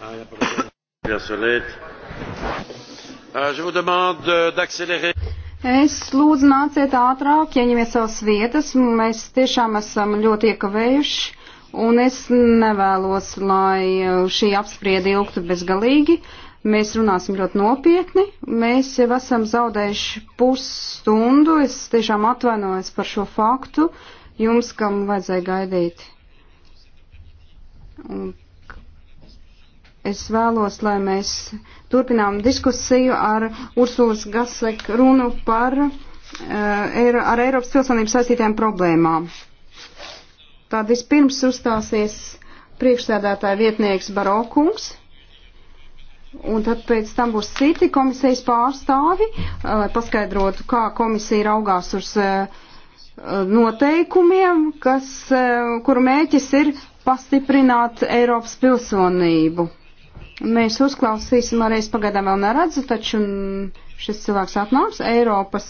Euh, euh, es lūdzu, nāciet ātrāk, ieņemiet savas vietas. Mēs tiešām esam ļoti iekavējuši, un es nevēlos, lai uh, šī apspriede ilgtu bezgalīgi. Mēs runāsim ļoti nopietni. Mēs jau esam zaudējuši pusstundu. Es tiešām atvainojos par šo faktu jums, kam vajadzēja gaidīt. Un es vēlos, lai mēs turpinām diskusiju ar Ursulas Gasek runu par eh, ar Eiropas pilsonības saistītām problēmām. Tad vispirms uzstāsies priekšsēdētāja vietnieks Barokungs, un tad pēc tam būs citi komisijas pārstāvi, eh, lai paskaidrotu, kā komisija raugās uz eh, noteikumiem, kas, kuru mēķis ir pastiprināt Eiropas pilsonību. Mēs uzklausīsim arī, es pagaidām vēl neredzu, taču šis cilvēks atnāks, Eiropas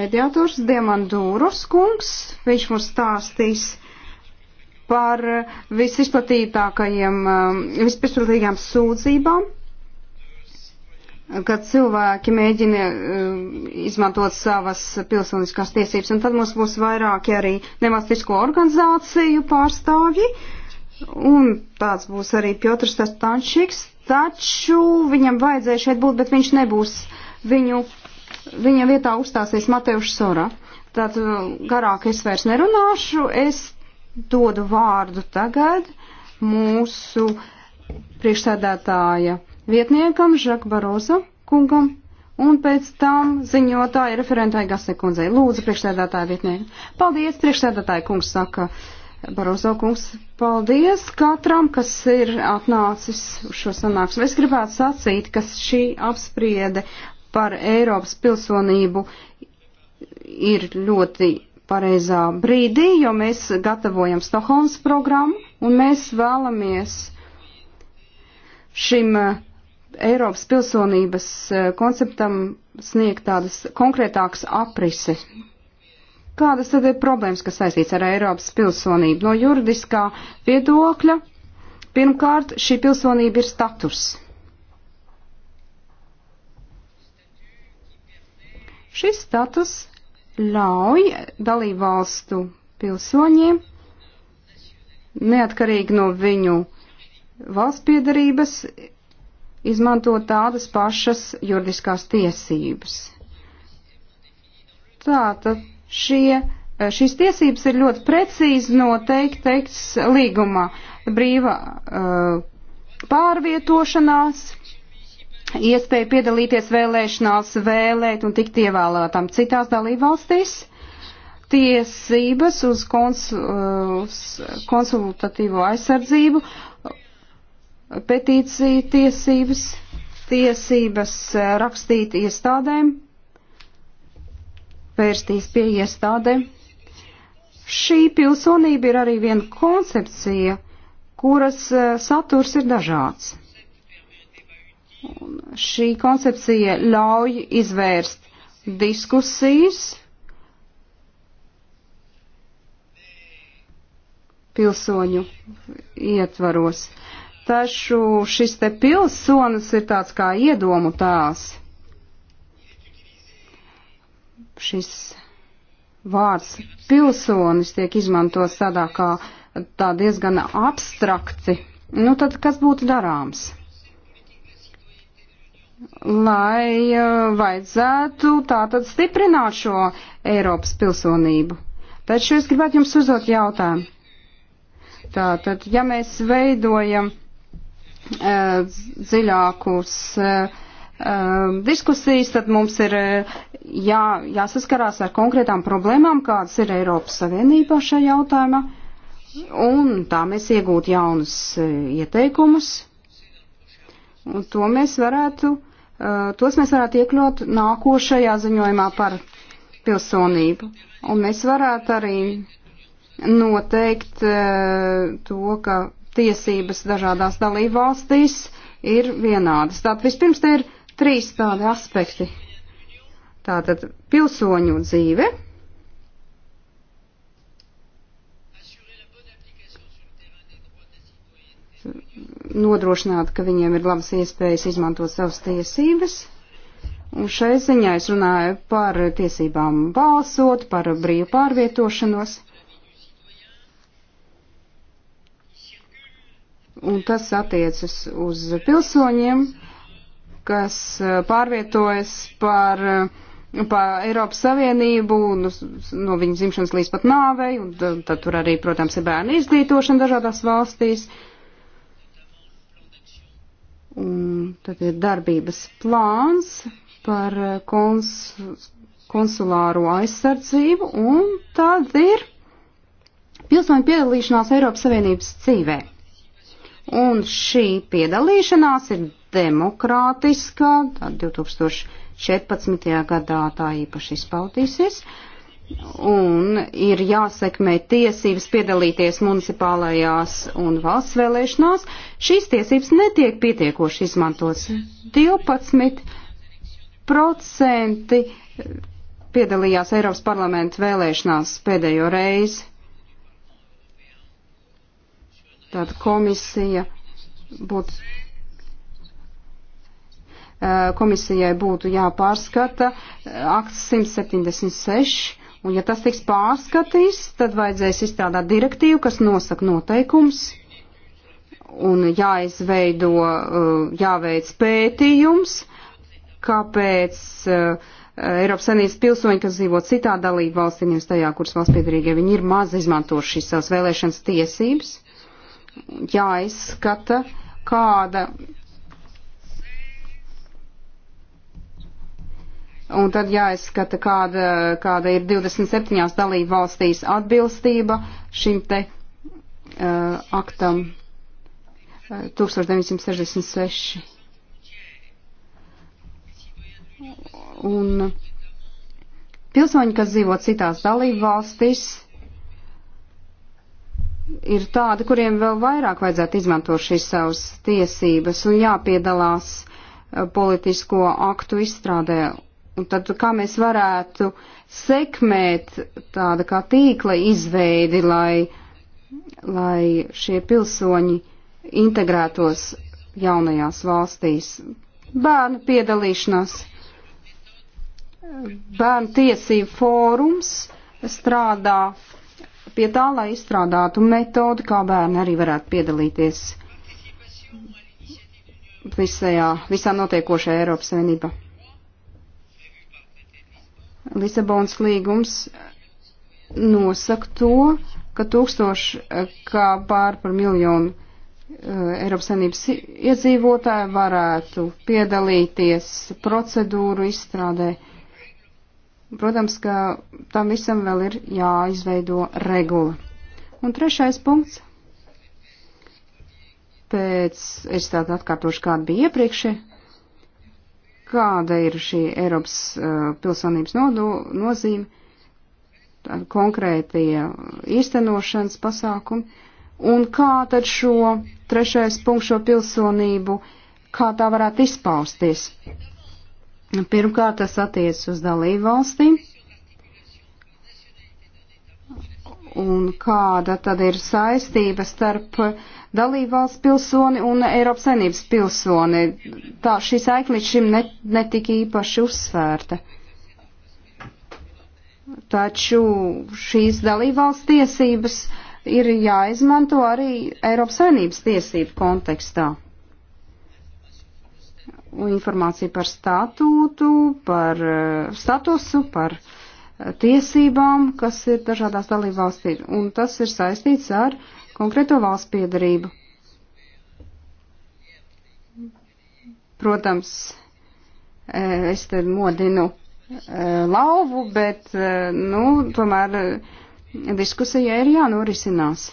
mediātors Diemandūros kungs. Viņš mums stāstīs par visizplatītākajiem, um, vispizplatītākajām sūdzībām, kad cilvēki mēģina um, izmantot savas pilsoniskās tiesības. Un tad mums būs vairāki arī nevalstisko organizāciju pārstāvji Un tāds būs arī Piotrs Tastančiks, taču viņam vajadzēja šeit būt, bet viņš nebūs. Viņu, viņa vietā uzstāsies Mateuš Sora. Tad uh, garāk es vairs nerunāšu, es dodu vārdu tagad mūsu priekšsēdētāja vietniekam Žak Baroza kungam. Un pēc tam ziņotāja referentāja Gasekundzei. Lūdzu, priekšsēdētāja vietnieka. Paldies, priekšsēdētāja kungs saka. Uh, Barozo kungs, paldies katram, kas ir atnācis uz šo sanāksmu. Es gribētu sacīt, ka šī apspriede par Eiropas pilsonību ir ļoti pareizā brīdī, jo mēs gatavojam Stokholmas programmu un mēs vēlamies šim eh, Eiropas pilsonības eh, konceptam sniegt tādas konkrētākas aprises Kādas tad ir problēmas, kas saistīts ar Eiropas pilsonību? No juridiskā viedokļa, pirmkārt, šī pilsonība ir status. Šis status ļauj dalībvalstu pilsoņiem, neatkarīgi no viņu valsts piedarības, izmantot tādas pašas juridiskās tiesības. Tā tad Šie, eh, šīs tiesības ir ļoti precīzi noteikti teikts līgumā. Brīva uh, pārvietošanās, iespēja piedalīties vēlēšanās, vēlēt un tikt ievēlētām citās dalībvalstīs, tiesības uz konsul, konsultatīvo aizsardzību, petīciju tiesības, tiesības eh, rakstīt iestādēm vērstīs pie iestādēm. Šī pilsonība ir arī viena koncepcija, kuras eh, saturs ir dažāds. Un šī koncepcija ļauj izvērst diskusijas pilsoņu ietvaros. Taču šis te pilsonis ir tāds kā iedomu tās šis vārds pilsonis tiek izmantots tādā kā tā diezgan abstrakti, nu tad kas būtu darāms? Lai uh, vajadzētu tātad stiprināt šo Eiropas pilsonību. Taču es gribētu jums uzdot jautājumu. Tātad, ja mēs veidojam uh, dziļākus uh, uh, diskusijas, tad mums ir uh, jā, jāsaskarās ar konkrētām problēmām, kādas ir Eiropas Savienībā šajā jautājumā, un tā mēs iegūtu jaunus e, ieteikumus, un to mēs varētu, e, tos mēs varētu iekļaut nākošajā ziņojumā par pilsonību. Un mēs varētu arī noteikt e, to, ka tiesības dažādās dalībvalstīs ir vienādas. Tātad vispirms te ir trīs tādi aspekti Tātad pilsoņu dzīve. Nodrošināt, ka viņiem ir labas iespējas izmantot savas tiesības. Un šai ziņā es runāju par tiesībām balsot, par brīvu pārvietošanos. Un tas attiecas uz pilsoņiem, kas eh, pārvietojas par uh, pa Eiropas Savienību, nu, no viņa dzimšanas līdz pat nāvei, un tad tur arī, protams, ir bērnu izglītošana dažādās valstīs. Un tad ir darbības plāns par kons, konsulāro aizsardzību, un tad ir pilsoņu piedalīšanās Eiropas Savienības dzīvē. Un šī piedalīšanās ir demokrātiskā, tā 2000. 14. gadā tā īpaši izpaudīsies. Un ir jāsekmē tiesības piedalīties municipālajās un valsts vēlēšanās. Šīs tiesības netiek pietiekoši izmantotas. 12% piedalījās Eiropas parlamenta vēlēšanās pēdējo reizi. Tāda komisija būtu Eh, komisijai būtu jāpārskata eh, akts 176, un ja tas tiks pārskatīts, tad vajadzēs izstrādāt direktīvu, kas nosaka noteikums, un jāizveido, eh, jāveic pētījums, kāpēc Eiropas Savienības pilsoņi, kas dzīvo citā dalību valstī, nevis tajā, kuras valsts piedarīgie, viņi ir maz izmantojuši šīs savas vēlēšanas tiesības, jāizskata, kāda un tad jāizskata, kāda, kāda ir 27 dalību valstīs atbilstība šim te uh, aktam uh, 1966. Un pilsoņi, kas dzīvo citās dalību valstīs, ir tādi, kuriem vēl vairāk vajadzētu izmantot šīs savas tiesības un jāpiedalās uh, politisko aktu izstrādē Un tad kā mēs varētu sekmēt tāda kā tīkla izveidi, lai, lai šie pilsoņi integrētos jaunajās valstīs? Bērnu piedalīšanās, bērnu tiesību fórums strādā pie tā, lai izstrādātu metodi, kā bērni arī varētu piedalīties visajā, visā notiekošajā Eiropas Savienībā. Lisabonas līgums nosaka to, ka tūkstoši kā pār par miljonu eh, Eiropas Savienības iedzīvotāji varētu piedalīties procedūru izstrādē. Protams, ka tam visam vēl ir jāizveido regula. Un trešais punkts. Pēc, es tādu atkārtošu, kāda bija iepriekšē, kāda ir šī Eiropas uh, pilsonības nodo, nozīme, konkrētie īstenošanas pasākumi, un kā tad šo trešais punkts šo pilsonību, kā tā varētu izpausties. Pirmkārt, tas attiec uz dalību valstīm un kāda tad ir saistība starp dalībvalsts pilsoni un Eiropas saimnības pilsoni. Tā šī saikne līdz šim net, netika īpaši uzsvērta. Taču šīs dalībvalsts tiesības ir jāizmanto arī Eiropas saimnības tiesību kontekstā. Un informācija par statūtu, par eh, statusu, par uh, tiesībām, kas ir dažādās dalībvalstīs, un tas ir saistīts ar konkrēto valsts piedarību. Protams, e, es te modinu e, lauvu, bet, e, nu, tomēr diskusija ir jānorisinās.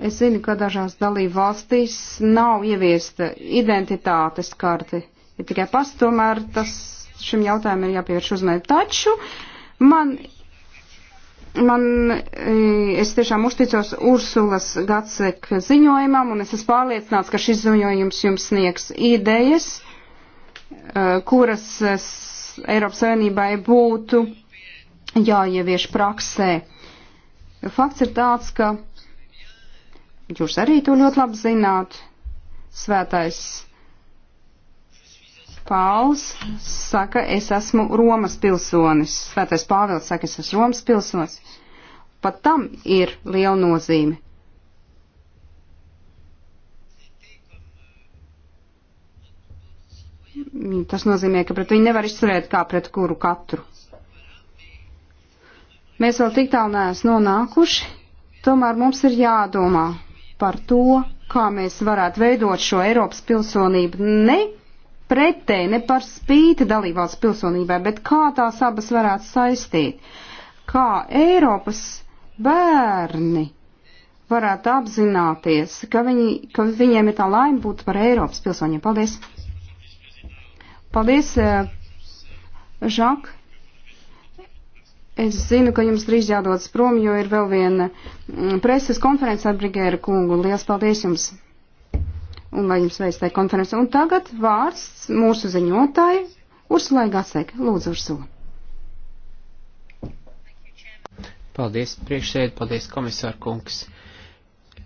Es zinu, ka dažās dalību valstīs nav ieviesta identitātes karti, ir tikai pas, tomēr tas šim jautājumam ir jāpievērš uzmanība. Taču man, man, e, es tiešām uzticos Ursulas Gatsek ziņojumam, un es esmu pārliecināts, ka šis ziņojums jums sniegs idejas, e, kuras Eiropas Savienībai būtu jāievieš praksē. Fakts ir tāds, ka jūs arī to ļoti labi zināt, svētais Pāls saka, es esmu Romas pilsonis. Svētais Pāvils saka, es esmu Romas pilsonis. Pat tam ir liela nozīme. Tas nozīmē, ka pret viņu nevar izturēt kā pret kuru katru. Mēs vēl tik tālu neesam nonākuši, tomēr mums ir jādomā par to, kā mēs varētu veidot šo Eiropas pilsonību ne pretēji, ne par spīti dalībvalsts pilsonībai, bet kā tās abas varētu saistīt. Kā Eiropas bērni varētu apzināties, ka, viņi, ka viņiem ir tā laime būt par Eiropas pilsoņiem. Paldies! Paldies, eh, Žak! Es zinu, ka jums drīz jādodas prom, jo ir vēl viena mm, preses konference ar Brigēra kungu. Lielas paldies jums! un lai jums veids tai konferences. Un tagad vārds mūsu ziņotāji Ursulai Gasek. Lūdzu, Ursula. Paldies, priekšsēd, paldies, komisār kungs.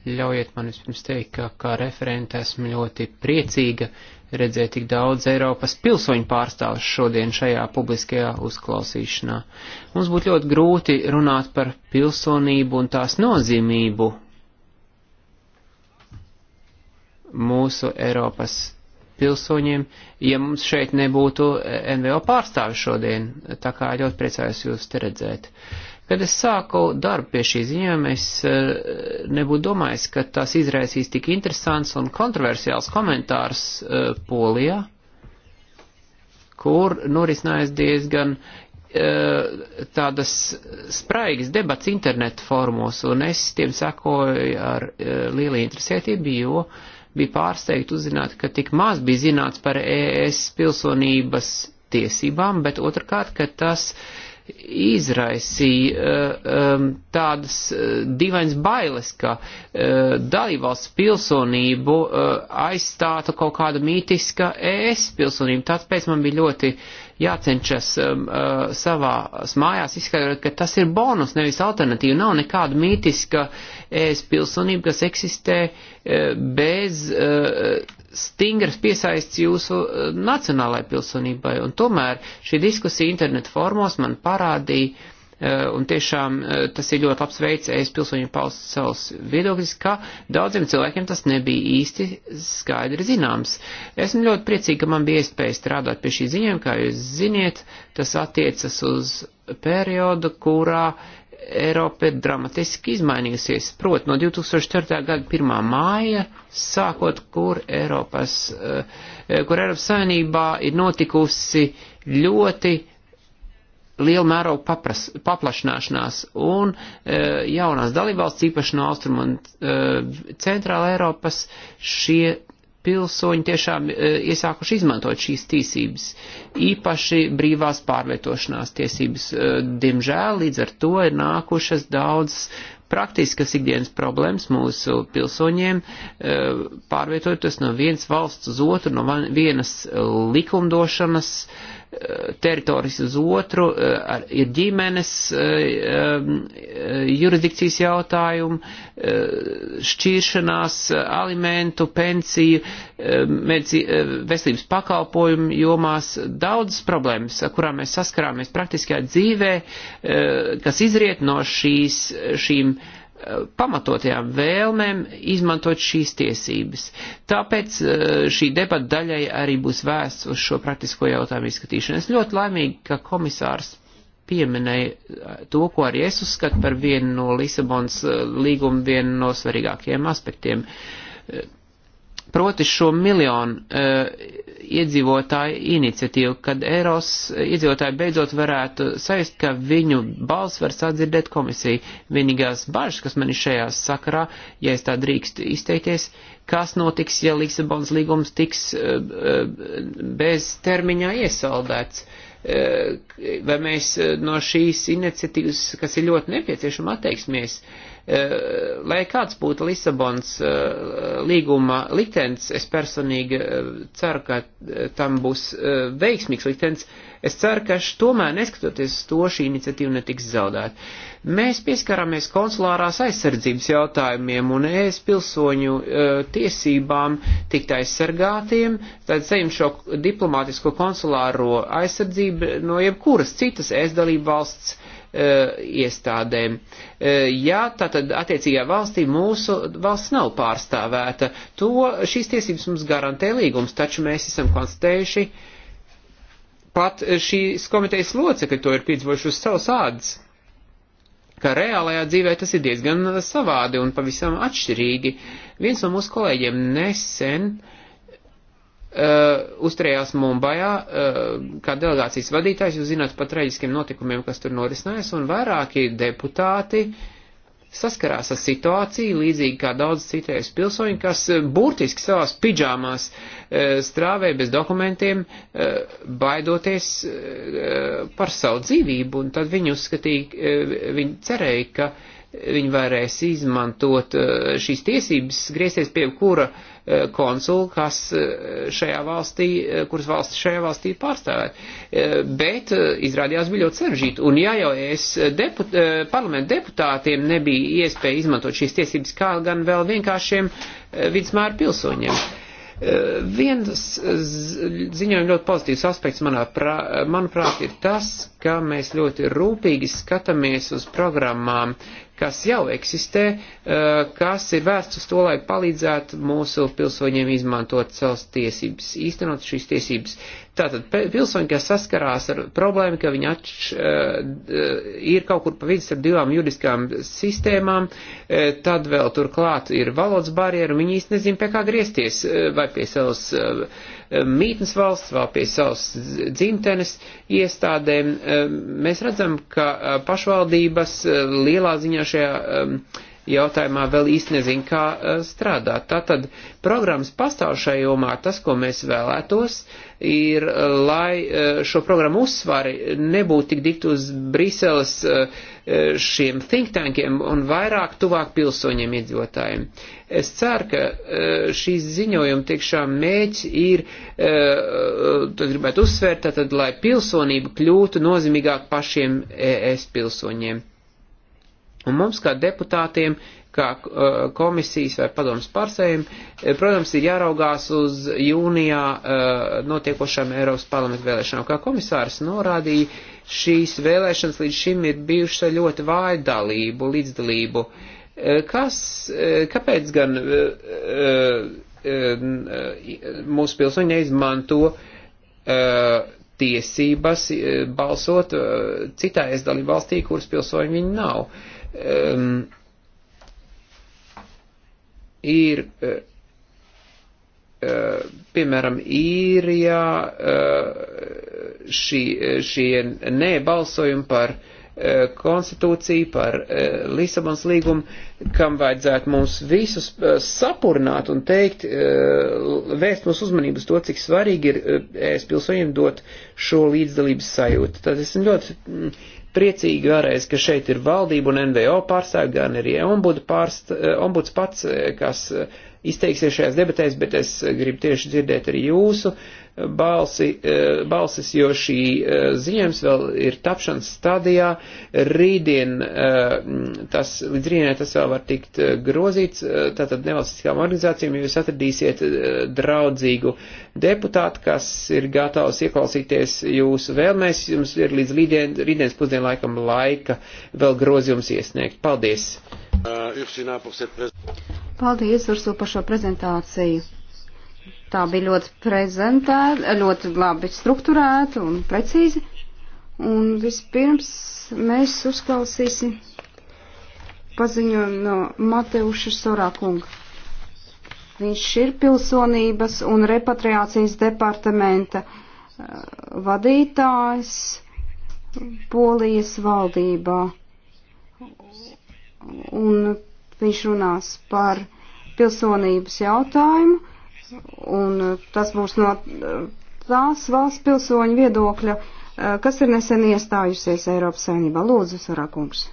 Ļaujiet man vispirms teikt, ka kā referente esmu ļoti priecīga redzēt tik daudz Eiropas pilsoņu pārstāvus šodien šajā publiskajā uzklausīšanā. Mums būtu ļoti grūti runāt par pilsonību un tās nozīmību mūsu Eiropas pilsoņiem, ja mums šeit nebūtu eh, NVO pārstāvi šodien. Tā kā ļoti priecājos jūs te redzēt. Kad es sāku darbu pie šī ziņojuma, es eh, nebūtu domājis, ka tas izraisīs tik interesants un kontroversiāls komentārs eh, Polijā, kur norisinājās diezgan tādas spraigas debats internetu formos, un es tiem sakoju ar lielu interesētību, jo uh, bija pārsteigti uzzināt, ka tik maz bija zināts par ES pilsonības tiesībām, bet otrkārt, ka tas izraisīja uh, um, tādas uh, eh, divainas bailes, ka uh, dalībvalsts pilsonību aizstātu kaut kāda mītiska ES pilsonība. Tāpēc man bija ļoti jācenšas um, savā mājās izskaidrot, ka tas ir bonus, nevis alternatīva. Nav nekāda mītiska ēs pilsonību, kas eksistē e, bez e, stingras piesaists jūsu e, nacionālai pilsonībai. Un tomēr šī diskusija internetu formos man parādīja, un tiešām tas ir ļoti labs veids, es pilsoņiem paust savus viedokļus, ka daudziem cilvēkiem tas nebija īsti skaidri zināms. Esmu ļoti priecīgi, ka man bija iespēja strādāt pie šī ziņojuma, kā jūs ziniet, tas attiecas uz periodu, kurā Eiropa ir dramatiski izmainījusies. Prot, no 2004. gada 1. māja sākot, kur Eiropas, eh, kur Eiropas Savienībā ir notikusi ļoti liela mēroga papras, paplašināšanās un eh, jaunās dalībvalsts, īpaši no Austrum un eh, Centrāla Eiropas, šie pilsoņi tiešām e, iesākuši izmantot šīs tiesības, īpaši brīvās pārvietošanās tiesības. E, diemžēl līdz ar to ir nākušas daudzas praktiskas ikdienas problēmas mūsu pilsoņiem, e, pārvietojoties no vienas valsts uz otru, no vienas likumdošanas uh, teritorijas uz otru, eh, ar, ir ģimenes eh, eh, jurisdikcijas jautājumi, šķiršanās, alimentu, pensiju, medici, veselības pakalpojumu jomās daudzas problēmas, ar kurām mēs saskarāmies praktiskajā dzīvē, kas izriet no šīs, šīm pamatotajām vēlmēm izmantot šīs tiesības. Tāpēc eh, šī debata daļai arī būs vērsts uz šo praktisko jautājumu izskatīšanu. Es ļoti laimīgi, ka komisārs pieminēja eh, to, ko arī es uzskatu par vienu no Lisabons eh, līguma vienu no svarīgākajiem aspektiem. Proti šo miljonu iedzīvotāju iniciatīvu, kad Eiros iedzīvotāji beidzot varētu saist, ka viņu balss var sadzirdēt komisiju. Vienīgās bažas, kas man ir šajā sakarā, ja es tā drīkstu izteikties, kas notiks, ja Lisabonas līgums tiks eh, eh, bez termiņā iesaldēts. Uh, vai mēs eh, no šīs iniciatīvas, kas ir ļoti nepieciešama, atteiksimies. Eh, lai kāds būtu Lisabons eh, līguma liktenis, es personīgi ceru, ka tam būs veiksmīgs liktenis, Es ceru, ka tomēr, neskatoties to, šī iniciatīva netiks zaudēta. Mēs pieskarāmies konsulārās aizsardzības jautājumiem un ES pilsoņu e, tiesībām tikt aizsargātiem, tad saņem šo diplomātisko konsulāro aizsardzību no jebkuras citas ES dalību valsts e, iestādēm. E, ja tātad attiecīgā valstī mūsu valsts nav pārstāvēta, to šīs tiesības mums garantē līgums, taču mēs esam konstatējuši, uh, pat šīs komitejas locekļi to ir piedzīvojuši uz savas ādas, ka reālajā dzīvē tas ir diezgan savādi un pavisam atšķirīgi. Viens no mūsu kolēģiem nesen uh, uzturējās Mumbajā uh, kā delegācijas vadītājs, jūs zināt par traģiskiem notikumiem, kas tur norisinājās, un vairāki deputāti uh, saskarās ar situāciju, līdzīgi kā daudz citreiz pilsoņi, kas eh, burtiski savās pidžāmās eh, strāvē bez dokumentiem, eh, baidoties par savu dzīvību, un tad viņi uzskatīja, viņi cerēja, ka viņi varēs izmantot šīs tiesības, griezties pie kura uh, Eh, konsulu, kas eh, šajā valstī, eh, kuras valsts šajā valstī pārstāvēt. Bet izrādījās bija ļoti sarežģīti. Un ja jau es deput, parlamentu deputātiem nebija iespēja izmantot šīs tiesības, kā gan vēl vienkāršiem vidusmēra pilsoņiem. Viens ziņojums ļoti pozitīvs aspekts, manā prā, manuprāt, ir tas, ka mēs ļoti rūpīgi skatāmies uz programmām, kas jau eksistē, eh, kas ir vērsts uz to, lai palīdzētu mūsu pilsoņiem izmantot savas tiesības, īstenot šīs tiesības. Tātad pilsoņi, kas saskarās ar problēmu, ka viņi atš, eh, ir kaut kur pa vidus ar divām juridiskām sistēmām, eh, tad vēl turklāt ir valodas barjeru, viņi īsti nezin, pie kā griezties, vai pie savas mītnes valsts, vēl pie savas dzimtenes iestādēm. Mēs redzam, ka pašvaldības lielā ziņā šajā um, jautājumā vēl īsti nezinu, kā strādāt. Tātad programmas pastāv šai jomā, tas, ko mēs vēlētos, ir, lai šo programmu uzsvari nebūtu tik dikt uz Briseles šiem think tankiem un vairāk tuvāk pilsoņiem iedzīvotājiem. Es ceru, ka šīs ziņojuma tiešām mēģis ir, tad gribētu uzsvērt, tad, lai pilsonība kļūtu nozīmīgāk pašiem ES pilsoņiem. Un mums kā deputātiem, kā uh, komisijas vai padomas pārsējiem, eh, protams, ir jāraugās uz jūnijā uh, notiekošām Eiropas parlamentu vēlēšanām. Kā komisārs norādīja, šīs vēlēšanas līdz šim ir bijušas ar ļoti vāju dalību, līdzdalību. Eh, kas, eh, kāpēc gan mūsu pilsoņi neizmanto tiesības balsot citā es dalību valstī, kuras pilsoņi viņi nav? um, ir, uh, piemēram, īrijā uh, šī, šie nē balsojumi par uh, konstitūciju, par uh, Lisabons līgumu, kam vajadzētu mums visus sapurnāt un teikt, vēst mūsu uzmanību uz to, cik svarīgi ir es pilsoņiem dot šo līdzdalības sajūtu. Tad esam ļoti. Mm, priecīgi vēlreiz, ka šeit ir valdība un NVO pārstāvji, gan arī pārst, eh, ombuds pats, eh, kas eh, izteiksies šajās debatēs, bet es gribu tieši dzirdēt arī jūsu balsi, e, balsis, jo šī e, ziņojums vēl ir tapšanas stadijā. Rītdien, e, tas, līdz rītdienai tas vēl var tikt grozīts, tātad nevalstiskām organizācijām jūs atradīsiet draudzīgu deputātu, kas ir gatavs ieklausīties jūsu vēlmēs. Jums ir līdz rītdien, rītdienas pusdienlaikam laika vēl grozījums iesniegt. Paldies! Uh, Paldies, Ursu, par šo prezentāciju. Tā bija ļoti prezentēta, ļoti labi strukturēta un precīzi. Un vispirms mēs uzklausīsim paziņojumu no Mateuša Sorakunga. Viņš ir pilsonības un repatriācijas departamenta eh, vadītājs Polijas valdībā. Un viņš runās par pilsonības jautājumu Un eh, tas būs no eh, tās valsts pilsoņu viedokļa, eh, kas ir nesen iestājusies Eiropas saimnībā. Lūdzu, Sarakungs.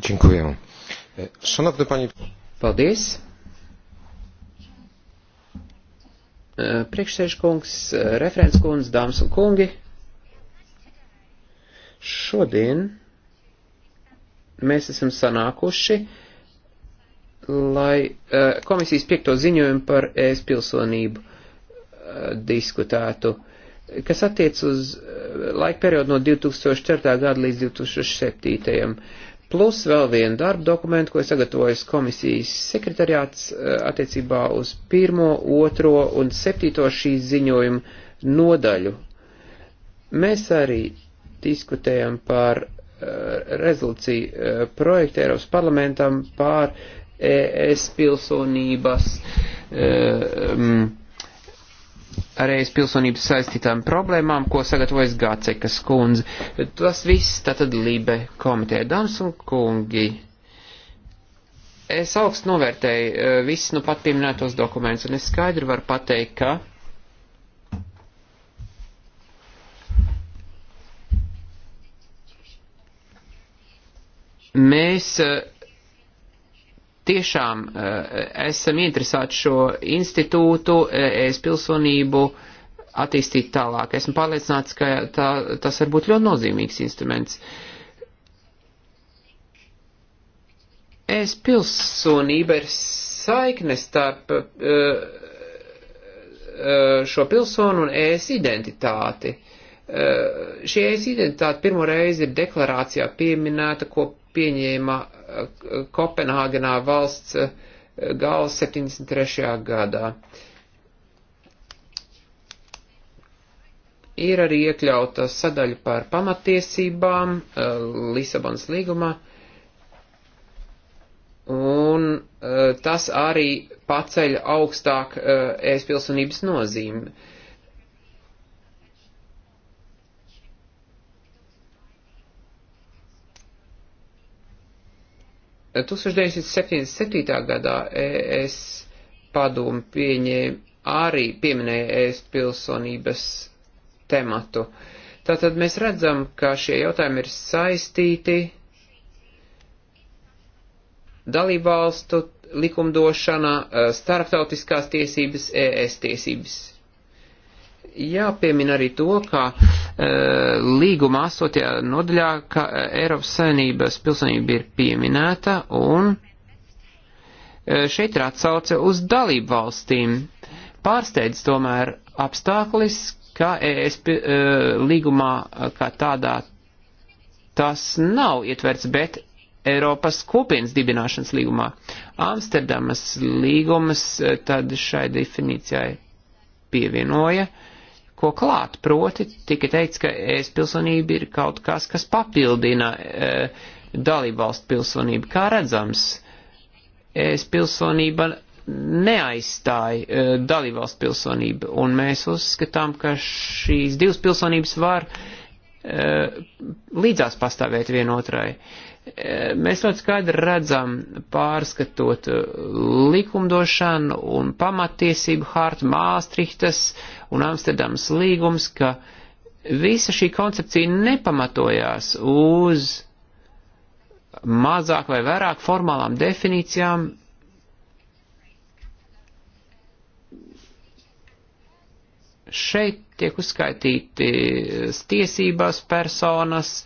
Dziękuję. Szanowny panie. Paldies. Priekšsēžkungs, referents kundze, dāmas un kungi. Šodien mēs esam sanākuši uh, lai uh, komisijas piekto ziņojumu par ēs pilsonību uh, diskutētu, kas attiec uz uh, laika periodu no 2004. gada līdz 2007. Plus vēl vienu darbu dokumentu, ko ir sagatavojis komisijas sekretariāts uh, attiecībā uz pirmo, otro un septīto šīs ziņojumu nodaļu. Mēs arī diskutējam par Eh, rezolūciju eh, projektu Eiropas parlamentam pār ES pilsonības, eh, mm, ar ES pilsonības saistītām problēmām, ko sagatavojas Gācekas kundze. Tas viss tātad Lībe komiteja. Dāmas un kungi, es augstu novērtēju visus nu pat pieminētos dokumentus, un es skaidri varu pateikt, ka Mēs eh, tiešām eh, esam interesēti šo institūtu, eh, es pilsonību attīstīt tālāk. Esmu pārliecināts, ka tā, tas var būt ļoti nozīmīgs instruments. Es pilsonība ir saikne starp šo pilsonu un es identitāti. Šī es identitāte pirmo reizi ir deklarācijā pieminēta, ko pieņēma eh, Kopenhāgenā valsts eh, gala 73. gadā. Ir arī iekļauta sadaļa par pamatiesībām eh, Lisabonas līgumā, un tas arī paceļ augstāk ēst pilsonības nozīmi. 1977. gadā ES padomu pieņēma arī pieminēja ēst e pilsonības tematu. Tātad mēs redzam, ka šie jautājumi ir saistīti dalībvalstu likumdošana, e, starptautiskās tiesības, ES tiesības jāpiemina arī to, ka e, līguma astotajā nodaļā, ka e, Eiropas Savienības pilsonība ir pieminēta un e, šeit ir atsauce uz dalību valstīm. Pārsteidz tomēr apstāklis, ka ES e, līgumā e, kā tādā tas nav ietverts, bet Eiropas kopienas dibināšanas līgumā. Amsterdamas līgumas e, tad šai definīcijai pievienoja. Uh, ko klāt. Proti, tika teikts, ka es pilsonība ir kaut kas, kas papildina e, dalībvalstu pilsonību. Kā redzams, es pilsonība neaizstāja e, dalībvalstu pilsonību, un mēs uzskatām, ka šīs divas pilsonības var e, līdzās pastāvēt vienotrai. E, Mēs ļoti skaidri redzam, pārskatot uh, likumdošanu un pamatiesību hārtu Māstrihtas un Amsterdams līgums, ka visa šī koncepcija nepamatojās uz mazāk vai vairāk formālām definīcijām, šeit tiek uzskaitītas tiesības, personas,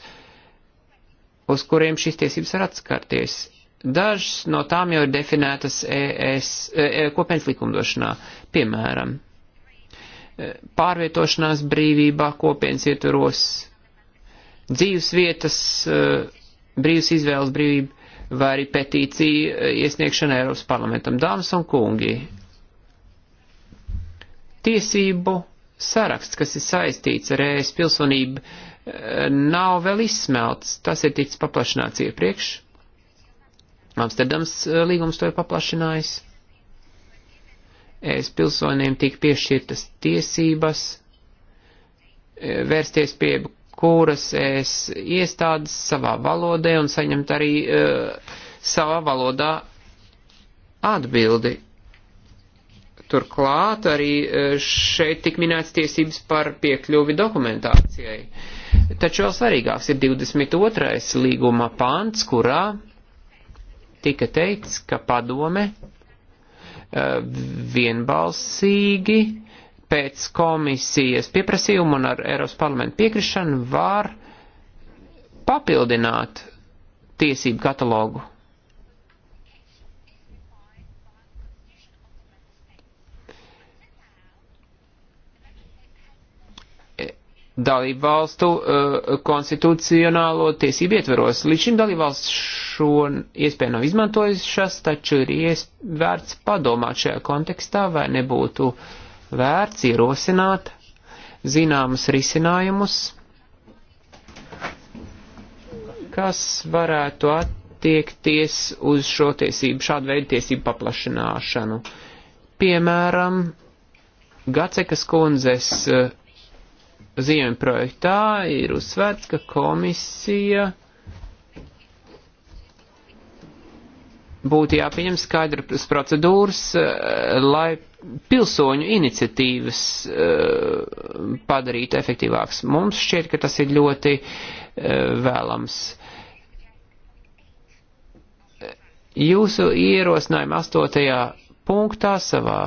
uz kuriem šīs tiesības var atskarties. Dažas no tām jau ir definētas ES, e, e, kopienas likumdošanā, piemēram, e, pārvietošanās brīvībā kopienas ietveros, dzīves vietas, e, brīvas izvēles brīvība vai arī petīcija iesniegšana Eiropas parlamentam. Dāmas un kungi, tiesību saraksts, kas ir saistīts ar ES pilsonību, nav vēl izsmelts. Tas ir ticis paplašināts iepriekš. Amsterdams eh, līgums to ir paplašinājis. Es pilsoniem tika piešķirtas tiesības eh, vērsties pie kuras es iestādes savā valodē un saņemt arī uh, savā valodā atbildi. Turklāt arī uh, šeit tik minēts tiesības par piekļuvi dokumentācijai. Uh, Taču vēl svarīgāks ir 22. līguma pāns, kurā tika teikts, ka padome eh, vienbalsīgi pēc komisijas pieprasījuma un ar Eiropas parlamentu piekrišanu var papildināt tiesību katalogu dalību valstu uh, konstitucionālo tiesību ietveros. Līdz šim dalību valsts šo iespēju nav izmantojušas, taču ir ies, vērts padomāt šajā kontekstā, vai nebūtu vērts ierosināt zināmus risinājumus, kas varētu attiekties uz šo tiesību, šādu veidu tiesību paplašināšanu. Piemēram, Gacekas kundzes uh, ziņojuma projektā ir uzsvērts, ka komisija būtu jāpieņem skaidras procedūras, eh, lai pilsoņu iniciatīvas eh, padarītu efektīvākas. Mums šķiet, ka tas ir ļoti eh, vēlams. Jūsu ierosinājuma astotajā punktā savā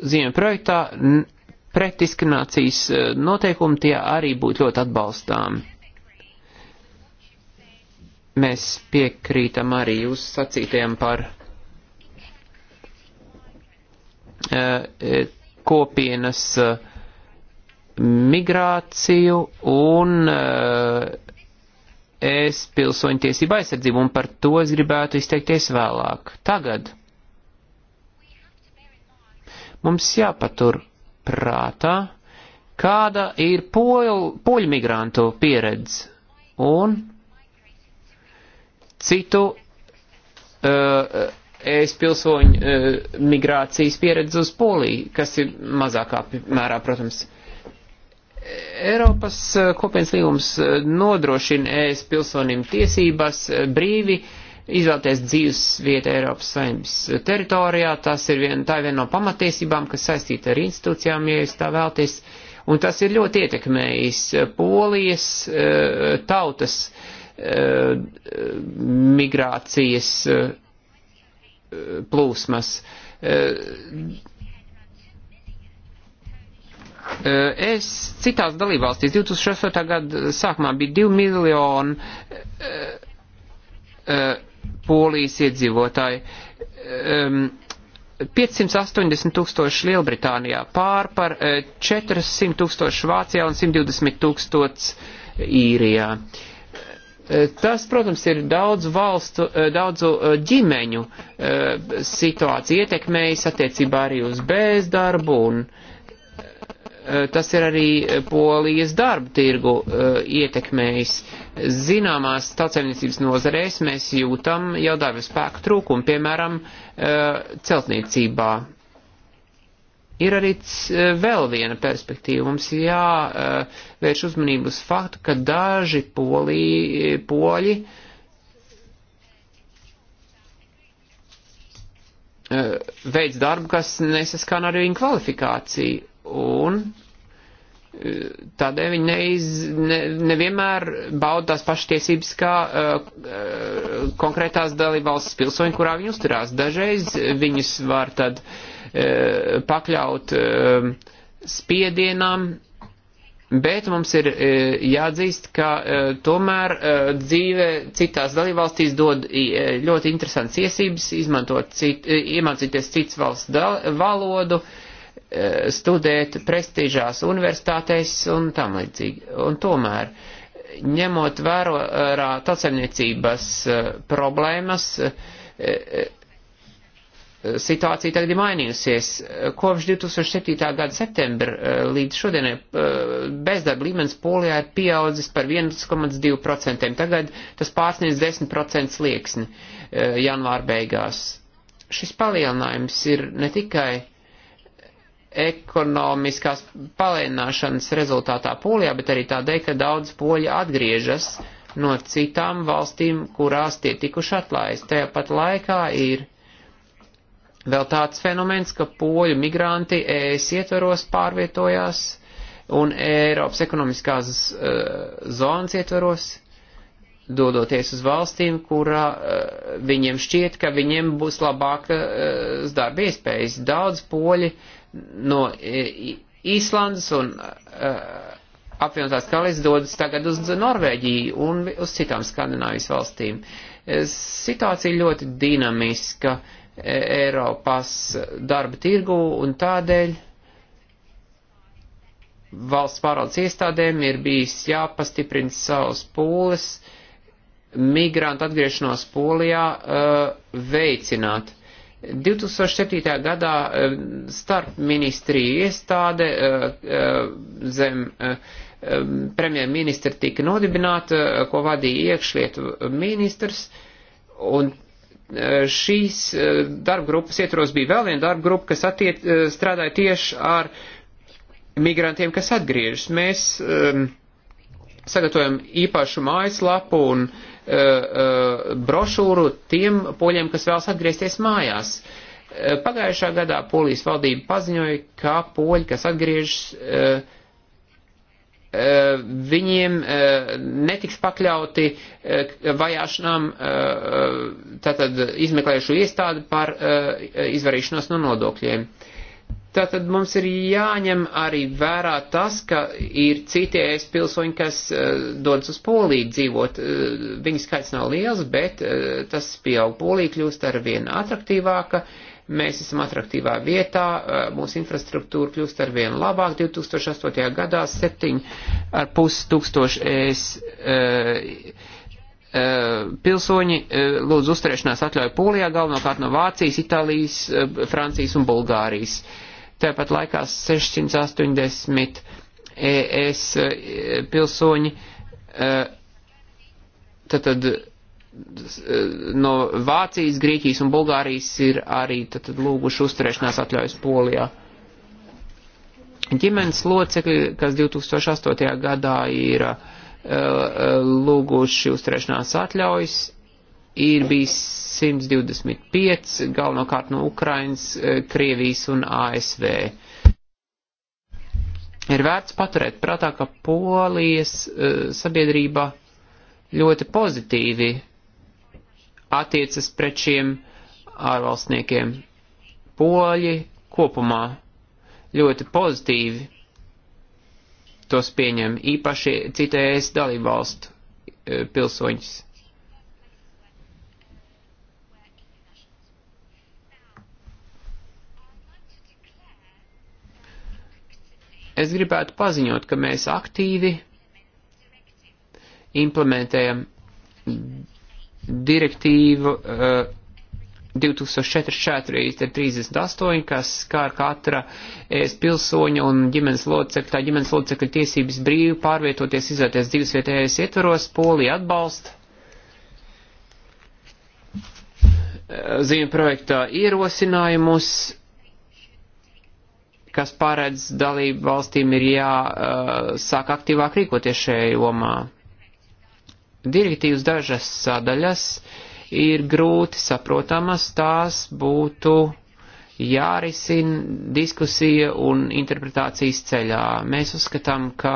ziņojuma projektā pretdiskriminācijas eh, noteikumi tie arī būtu ļoti atbalstām. Mēs piekrītam arī jūs sacītiem par uh, kopienas uh, migrāciju un uh, es pilsoņu tiesību aizsardzību, un par to es gribētu izteikties vēlāk. Tagad mums jāpatur prātā, kāda ir poļu, poļu migrantu pieredze un citu uh, es pilsoņu uh, migrācijas pieredze uz Poliju, kas ir mazākā mērā, protams. Eiropas uh, kopienas līgums uh, nodrošina ES pilsonim tiesības uh, brīvi uh, izvēlēties dzīves vietu Eiropas saimnes teritorijā. Tas ir vien, tā ir viena no pamatiesībām, kas saistīta ar institūcijām, ja jūs tā vēlties. Un tas ir ļoti ietekmējis polijas eh, tautas eh, migrācijas eh, plūsmas. Es citās dalībvalstīs 2008. gada sākumā bija 2 miljoni uh, uh, polijas iedzīvotāji. Um, 580 tūkstoši Lielbritānijā, pār par 400 e, tūkstoši Vācijā un 120 tūkstots īrijā. E, tas, protams, ir e, daudzu valstu, daudzu ģimeņu situāciju ietekmējis attiecībā arī uz bezdarbu un uh, Eh, tas ir arī eh, polijas darba tirgu eh, ietekmējis. Zināmās tautsēmniecības nozarēs mēs jūtam jau darba spēku trūkumu, piemēram, celtniecībā. Ir arī vēl viena perspektīva. Mums jāvērš uzmanību uz faktu, ka daži polī, poļi veids darbu, kas nesaskan ar viņu kvalifikāciju. Un Tādēļ viņi neiz, ne, nevienmēr bauda tās pašas tiesības kā uh, konkrētās dalībvalsts pilsoņi, kurā viņi uzturās. Dažreiz viņus var tad uh, pakļaut uh, spiedienam, bet mums ir uh, jāatzīst, ka uh, tomēr uh, dzīve citās dalībvalstīs dod uh, ļoti interesantas iesības, izmantot cit, uh, iemācīties citas valsts da, valodu. Uh, Eh, studēt prestižās universitātēs un tam līdzīgi. Un tomēr, ņemot vērā eh, tautsaimniecības eh, problēmas, situācija tagad ir mainījusies. Kopš 2007. gada septembra līdz šodienai bezdarba līmenis Polijā ir pieaudzis par 1,2%. Tagad tas pārsniedz 10% slieksni janvāra beigās. Šis palielinājums ir ne tikai ekonomiskās palielināšanas rezultātā Polijā, bet arī tādēļ, ka daudz poļi atgriežas no citām valstīm, kurās tie tikuši atlaisti. Tajā pat laikā ir vēl tāds fenomens, ka poļu migranti ES ietveros pārvietojās un Eiropas ekonomiskās uh, zonas ietveros dodoties uz valstīm, kurā uh, viņiem šķiet, ka viņiem būs labākas uh, darba iespējas. Daudz poļi no Īslandes e, un e, apvienotās kalis dodas tagad uz Norvēģiju un uz citām Skandināvijas valstīm. E, situācija ļoti dinamiska Eiropas darba tirgu un tādēļ valsts pārvaldes iestādēm ir bijis jāpastiprina savas pūles migrantu atgriešanos Polijā veicināt. 2007. gadā eh, starp ministriju iestāde eh, eh, zem premjerministra tika nodibināta, ko vadīja iekšlietu ministrs, un šīs darba grupas ietvaros bija vēl viena darba grupa, kas attiet, strādāja tieši ar migrantiem, kas atgriežas. Mēs um, sagatavojam īpašu mājaslapu un uh, E, e, brošūru tiem poļiem, kas vēlas atgriezties mājās. E, pagājušā gadā Polijas valdība paziņoja, ka poļi, kas atgriežas, viņiem netiks pakļauti vajāšanām tātad izmeklējušu iestādi par izvarīšanos no nodokļiem. Uh, Tātad mums ir jāņem arī vērā tas, ka ir citi es pilsoņi, kas uh, dodas uz Poliju dzīvot. Uh, eh, viņa skaits nav liels, bet uh, tas pieaug. Polija kļūst ar vien atraktīvāka. Mēs esam atraktīvā vietā, uh, mūsu infrastruktūra kļūst ar vien labāk. 2008. gadā 7,5 tūkstoši es. Uh, pilsoņi lūdzu uzturēšanās atļauju Polijā, galvenokārt no Vācijas, Itālijas, Francijas un Bulgārijas. Uh, tāpat laikā 680 ES e, pilsoņi e, tātad e, no Vācijas, Grieķijas un Bulgārijas ir arī tātad lūguši uzturēšanās atļaujas Polijā. Ģimenes locekļi, kas 2008. gadā ir lūguši uzturēšanās atļaujas, ir bijis 125, galvenokārt no Ukrainas, eh, Krievijas un ASV. Ir vērts paturēt prātā, ka Polijas eh, sabiedrība ļoti pozitīvi attiecas pret šiem ārvalstniekiem. Poļi kopumā ļoti pozitīvi tos pieņem, īpaši citējais dalībvalstu eh, pilsoņus. Es gribētu paziņot, ka mēs aktīvi implementējam direktīvu uh, eh, 2004-38, kas skār katra es pilsoņa un ģimenes locekļa, tā ģimenes locekļa tiesības brīvi pārvietoties, izvērties divas vietējais ietvaros, polija atbalsta. Eh, Ziņu projektā ierosinājumus kas paredz dalību valstīm ir jāsāk uh, aktīvāk rīkoties šajā jomā. Direktīvas dažas sadaļas ir grūti saprotamas, tās būtu jārisina diskusija un interpretācijas ceļā. Mēs uzskatām, ka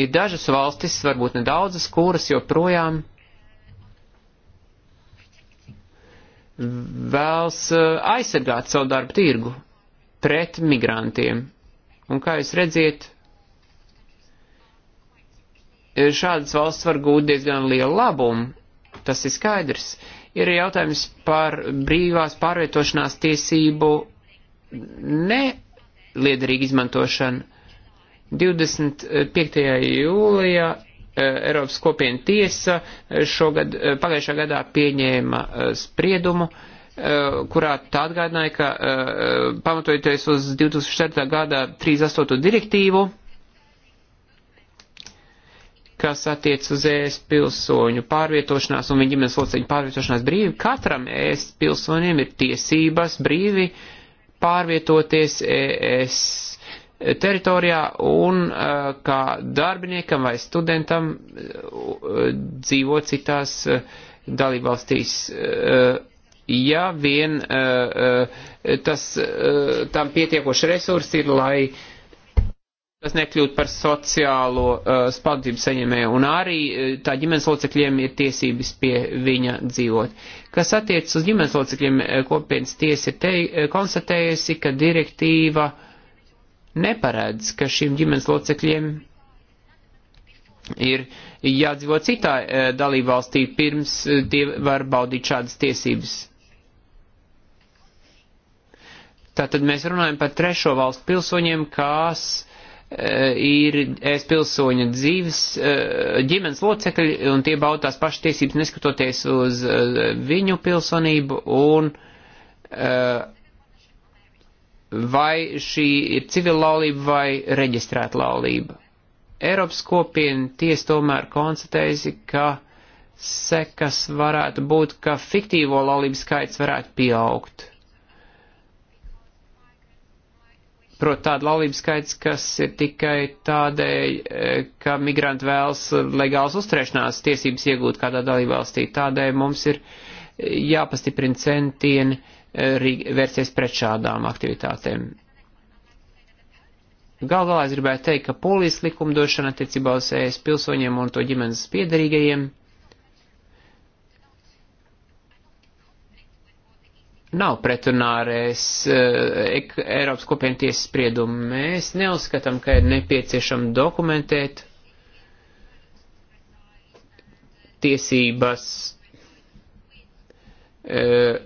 ir dažas valstis, varbūt nedaudzas, kuras joprojām vēlas eh, aizsargāt savu darbu tirgu pret migrantiem. Un kā jūs redziet, eh, šādas valsts var gūt diezgan lielu labumu. Tas ir skaidrs. Ir jautājums par brīvās pārvietošanās tiesību neliederīgu izmantošanu. 25. jūlijā Eh, Eiropas kopiena tiesa eh, šogad, eh, pagājušā gadā pieņēma spriedumu, kurā tā atgādināja, ka pamatojoties uz 2004. gada 38. direktīvu, kas attiec uz ES pilsoņu pārvietošanās un viņa ģimenes locekļu pārvietošanās brīvi, katram ES pilsoņiem ir tiesības brīvi pārvietoties ES teritorijā un kā darbiniekam vai studentam dzīvo citās dalībvalstīs. Ja vien tas, tam pietiekoši resursi ir, lai tas nekļūtu par sociālo spaldību saņemēju, un arī tā ģimenes locekļiem ir tiesības pie viņa dzīvot. Kas attiec uz ģimenes locekļiem, kopienas tiesa ir konstatējusi, ka direktīva uh, neparedz, ka šiem ģimenes locekļiem ir jādzīvo citā e, dalībvalstī, pirms e, tie var baudīt šādas tiesības. Tātad mēs runājam par trešo valstu pilsoņiem, kas e, ir es pilsoņa dzīves ģimenes locekļi, un tie bauda tās pašas tiesības, neskatoties uz viņu pilsonību un vai šī ir civila laulība vai reģistrēta laulība. Eiropas kopiena tiesa tomēr konstatējusi, ka sekas varētu būt, ka fiktīvo laulību skaits varētu pieaugt. Prot tāda laulības skaits, kas ir tikai tādēļ, ka migranti vēlas legāls uzturēšanās tiesības iegūt kādā dalībvalstī. Tādēļ mums ir jāpastiprina centieni uh, vērsties pret šādām aktivitātēm. Galvā es gribētu teikt, ka polijas likumdošana attiecībā uz ES pilsoņiem un to ģimenes piedarīgajiem nav pretrunā ar ES, e, Eiropas kopienu tiesas spriedumu. Mēs neuzskatām, ka ir nepieciešama dokumentēt tiesības. Uh,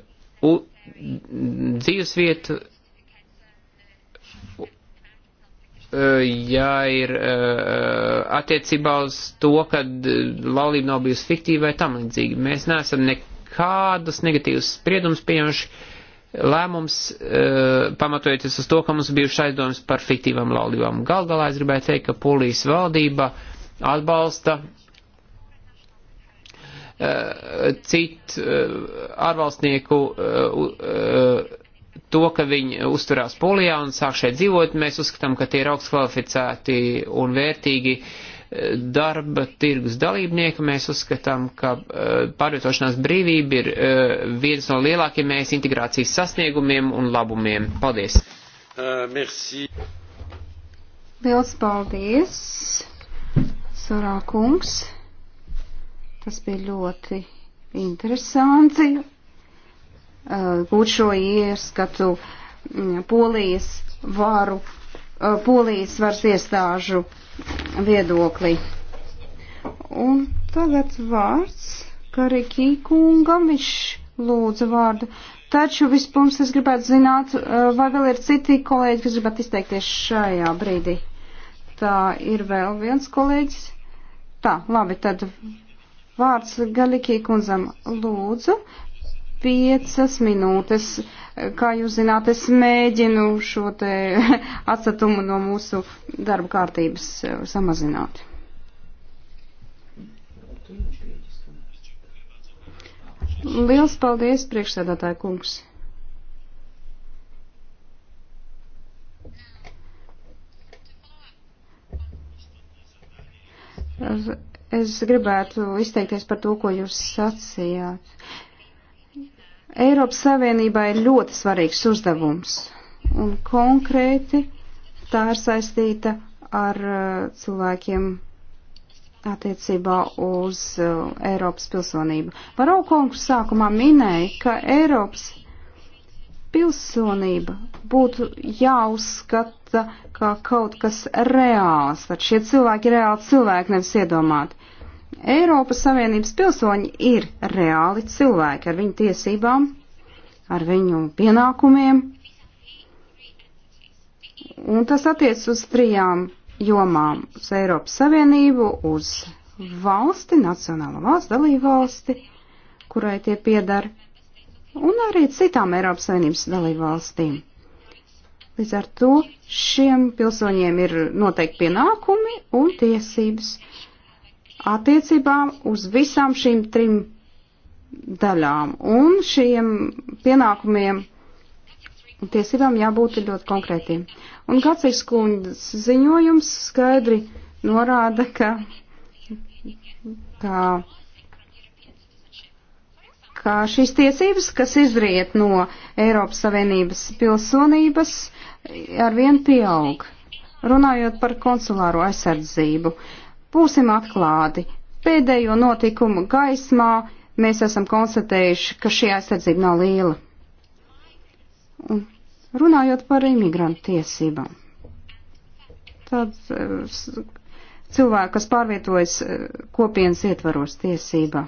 dzīvesvietu, ja ir attiecībā uz to, ka laulība nav bijusi fiktīva vai tam līdzīgi. Mēs neesam nekādus negatīvus spriedumus pieņemši lēmums, pamatojoties uz to, ka mums bijuši aizdomas par fiktīvām laulībām. Gal galā es gribēju teikt, ka polijas valdība atbalsta Eh, citu eh, ārvalstnieku eh, to, ka viņi uzturās Polijā un sāk šeit dzīvot, mēs uzskatām, ka tie ir augst kvalificēti un vērtīgi darba tirgus dalībnieki. Mēs uzskatām, ka pārvietošanās brīvība ir viens no lielākiem mēs integrācijas sasniegumiem un labumiem. Paldies! Merci. Liels paldies, Sorā kungs! Tas bija ļoti interesanti uh, gūt šo ieskatu mm, polijas varu, uh, polijas varas iestāžu viedoklī. Un tagad vārds Karikī kungam, viņš lūdza vārdu. Taču vispirms es gribētu zināt, uh, vai vēl ir citi kolēģi, kas gribētu izteikties šajā brīdī. Tā ir vēl viens kolēģis. Tā, labi, tad Vārds Galikī kundzam lūdzu. Piecas minūtes. Kā jūs zināt, es mēģinu šo te atstatumu no mūsu darba kārtības eh, samazināt. Liels paldies, priekšsēdētāja kungs! Es gribētu izteikties par to, ko jūs sacījāt. Eiropas Savienībā ir ļoti svarīgs uzdevums, un konkrēti tā ir saistīta ar uh, cilvēkiem attiecībā uz uh, Eiropas pilsonību. Paraukonku sākumā minēja, ka Eiropas pilsonība būtu jāuzskata kā kaut kas reāls, tad šie cilvēki ir reāli cilvēki, nevis iedomāti. Eiropas Savienības pilsoņi ir reāli cilvēki ar viņu tiesībām, ar viņu pienākumiem, un tas attiec uz trijām jomām - uz Eiropas Savienību, uz valsti, nacionālo valsts dalību valsti, kurai tie piedara, un arī citām Eiropas Savienības dalību valstīm. Līdz ar to šiem pilsoņiem ir noteikti pienākumi un tiesības attiecībām uz visām šīm trim daļām. Un šiem pienākumiem un tiesībām jābūt ļoti konkrētiem. Un Gacīs kundzes ziņojums skaidri norāda, ka, ka, ka šīs tiesības, kas izriet no Eiropas Savienības pilsonības, arvien pieaug. Runājot par konsulāro aizsardzību. Uh, Būsim atklāti. Pēdējo notikumu gaismā mēs esam konstatējuši, ka šī aizsardzība nav liela. Un runājot par imigrantu tiesībām, tad eh, cilvēki, kas pārvietojas eh, kopienas ietvaros tiesībā,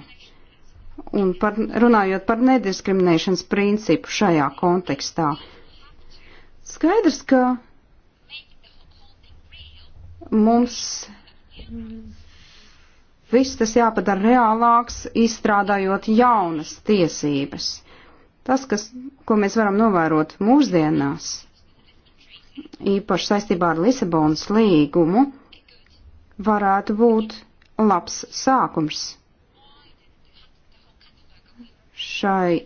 un par, runājot par nediskriminēšanas principu šajā kontekstā, skaidrs, ka mums Viss tas jāpadara reālāks, izstrādājot jaunas tiesības. Tas, kas, ko mēs varam novērot mūsdienās, īpaši saistībā ar Lisabonas līgumu, varētu būt labs sākums šai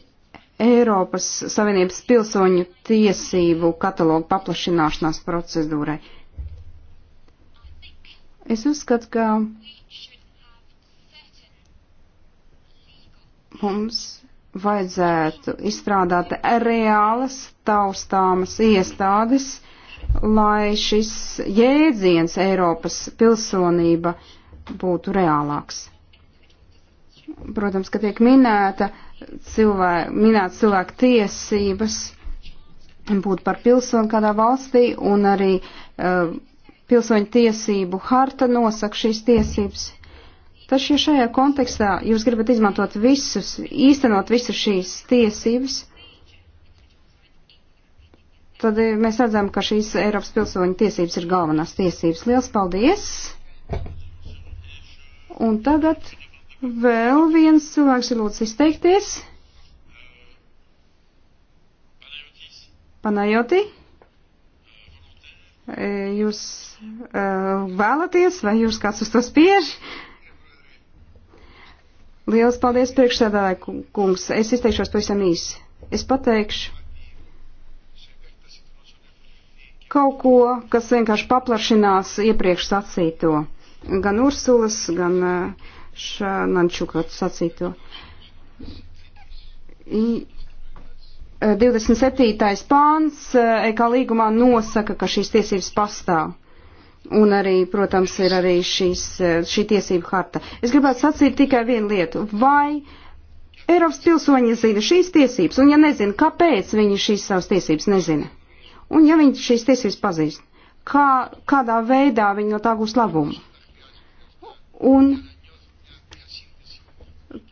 Eiropas Savienības pilsoņu tiesību katalogu paplašināšanās procedūrai. Es uzskatu, ka mums vajadzētu izstrādāt reālas taustāmas iestādes, lai šis jēdziens Eiropas pilsonība būtu reālāks. Protams, ka tiek minēta cilvēku, minēta cilvēku tiesības būt par pilsoni kādā valstī un arī uh, pilsoņu tiesību harta nosaka šīs tiesības. Taču, ja šajā kontekstā jūs gribat izmantot visus, īstenot visas šīs tiesības, tad eh, mēs redzam, ka šīs Eiropas pilsoņu tiesības ir galvenās tiesības. Liels paldies! Un tagad vēl viens cilvēks ir lūdzu izteikties. Panajoti. Panajoti. E, jūs e, vēlaties, vai jūs kāds uz to spiež? Lielas paldies priekšsēdāju kungs. Es izteikšos pavisam īsi. Es pateikšu kaut ko, kas vienkārši paplašinās iepriekš sacīto. Gan Ursulas, gan e, Šanančuka sacīto. I 27. Eh, pāns eh, EK līgumā nosaka, ka šīs tiesības pastāv. Un arī, protams, ir arī šīs, eh, šī tiesība harta. Es gribētu sacīt tikai vienu lietu. Vai Eiropas pilsoņi zina šīs tiesības, un ja nezina, kāpēc viņi šīs savas tiesības nezina? Un ja viņi šīs tiesības pazīst, kā, kādā veidā viņi no tā gūs labumu? Un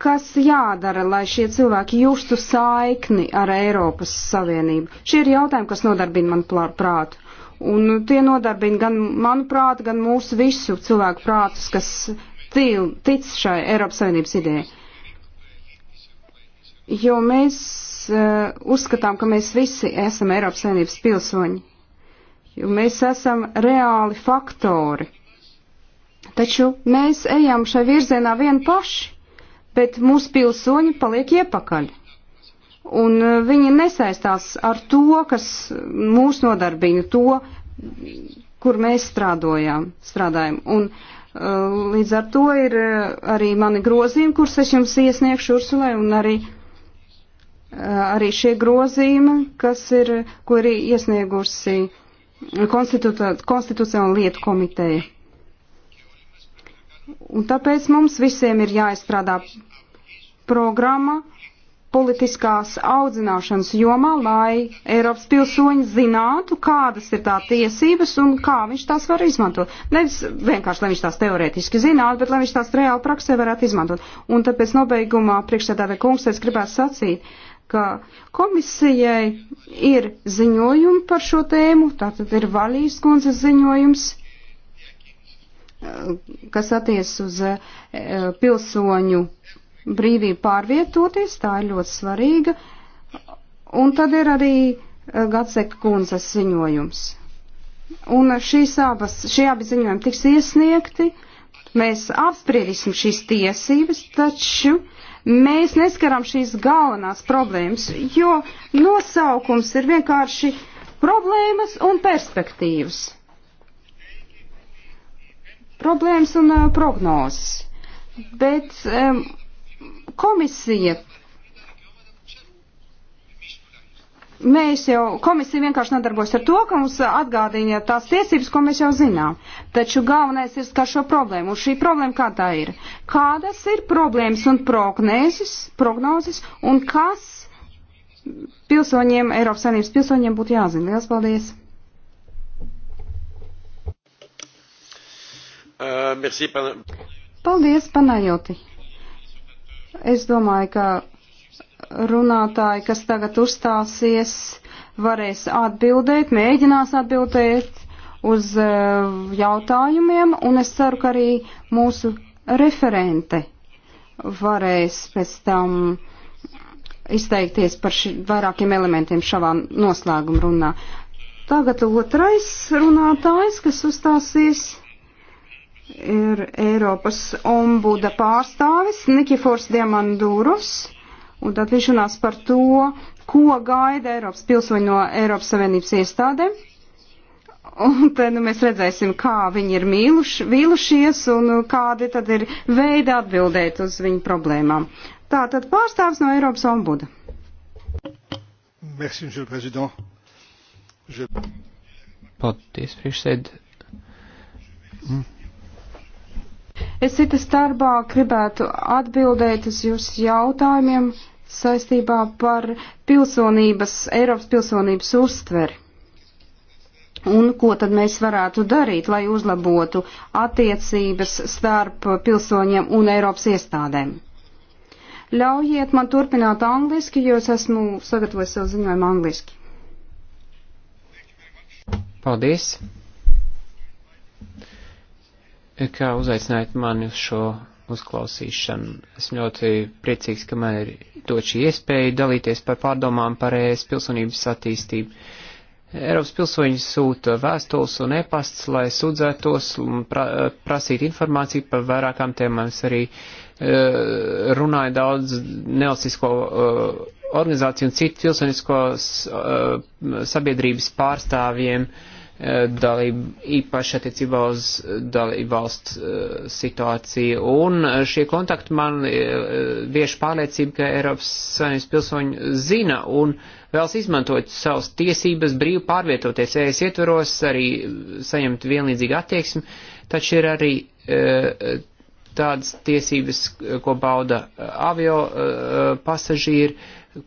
Kas jādara, lai šie cilvēki justu saikni ar Eiropas Savienību? Šie ir jautājumi, kas nodarbina man prātu. Un tie nodarbina gan manu prātu, gan mūsu visu cilvēku prātus, kas tic šai Eiropas Savienības idejai. Jo mēs uh, uzskatām, ka mēs visi esam Eiropas Savienības pilsoņi. Jo mēs esam reāli faktori. Taču mēs ejam šai virzienā vien paši bet mūsu pilsoņi paliek iepakaļ. Un eh, viņi nesaistās ar to, kas mūs nodarbina, to, kur mēs strādājām, strādājam. Un eh, līdz ar to ir eh, arī mani grozījumi, kurus es jums iesniegšu Ursulai, un arī, arī šie grozījumi, kas ir, ko ir iesniegusi Konstitucionāla lietu komiteja. Un tāpēc mums visiem ir jāizstrādā programma politiskās audzināšanas jomā, lai Eiropas pilsoņi zinātu, kādas ir tā tiesības un kā viņš tās var izmantot. Nevis vienkārši, lai viņš tās teorētiski zinātu, bet lai viņš tās reāli praksē varētu izmantot. Un tāpēc nobeigumā priekšsēdāvē kungs es gribētu sacīt, ka komisijai ir ziņojumi par šo tēmu, tātad ir Vaļīs kundzes ziņojums kas attiec uz eh, pilsoņu brīvību pārvietoties, tā ir ļoti svarīga. Un tad ir arī eh, Gatseka kundzes ziņojums. Un šīs abas, šie abi ziņojumi tiks iesniegti. Mēs apspriedīsim šīs tiesības, taču mēs neskaram šīs galvenās problēmas, jo nosaukums ir vienkārši problēmas un perspektīvas problēmas un prognozes. Bet um, komisija. Mēs jau, komisija vienkārši nodarbojas ar to, ka mums atgādīja tās tiesības, ko mēs jau zinām. Taču galvenais ir skar šo problēmu. Un šī problēma kā tā ir? Kādas ir problēmas un prognozes, prognozes un kas pilsoņiem, Eiropas Savienības pilsoņiem būtu jāzina? Lielas paldies! Uh, merci, pana... Paldies, Panajoti. Es domāju, ka runātāji, kas tagad uzstāsies, varēs atbildēt, mēģinās atbildēt uz eh, jautājumiem, un es ceru, ka arī mūsu referente varēs pēc tam izteikties par ši, vairākiem elementiem šavā noslēguma runā. Tagad otrais runātājs, kas uzstāsies ir Eiropas ombuda pārstāvis Nikifors Diamandūrus, un tad viņš runās par to, ko gaida Eiropas pilsoņi no Eiropas Savienības iestādēm. Un tad nu, mēs redzēsim, kā viņi ir mīluši, vīlušies un kādi tad ir veidi atbildēt uz viņu problēmām. Tā tad pārstāvs no Eiropas ombuda. Merci, monsieur le président. Je... Paldies, priekšsēd. Mm. Es cita starpā gribētu atbildēt uz jūsu jautājumiem saistībā par pilsonības, Eiropas pilsonības uztveri. Un ko tad mēs varētu darīt, lai uzlabotu attiecības starp pilsoņiem un Eiropas iestādēm? Ļaujiet man turpināt angliski, jo es esmu sagatavojis savu ziņojumu angliski. Paldies! kā uzaicinājāt mani uz šo uzklausīšanu. Esmu ļoti priecīgs, ka man ir dot šī iespēja dalīties par pārdomām par ES pilsonības attīstību. Eiropas pilsoņi sūta vēstules un e-pasts, lai sūdzētos un pra, prasītu informāciju par vairākām tēmām. Es arī uh, runāju daudz nevalstisko uh, organizāciju un citu pilsonisko uh, sabiedrības pārstāvjiem. Uh, dalību īpaši attiecībā uz dalību valsts e, situāciju. Un e, šie kontakti man e, bieži pārliecība, ka Eiropas Savienības pilsoņi zina un vēlas izmantot savas tiesības brīvi pārvietoties. Es ietveros arī saņemt vienlīdzīgu attieksmi, taču ir arī tādas tiesības, ko bauda avio pasažīri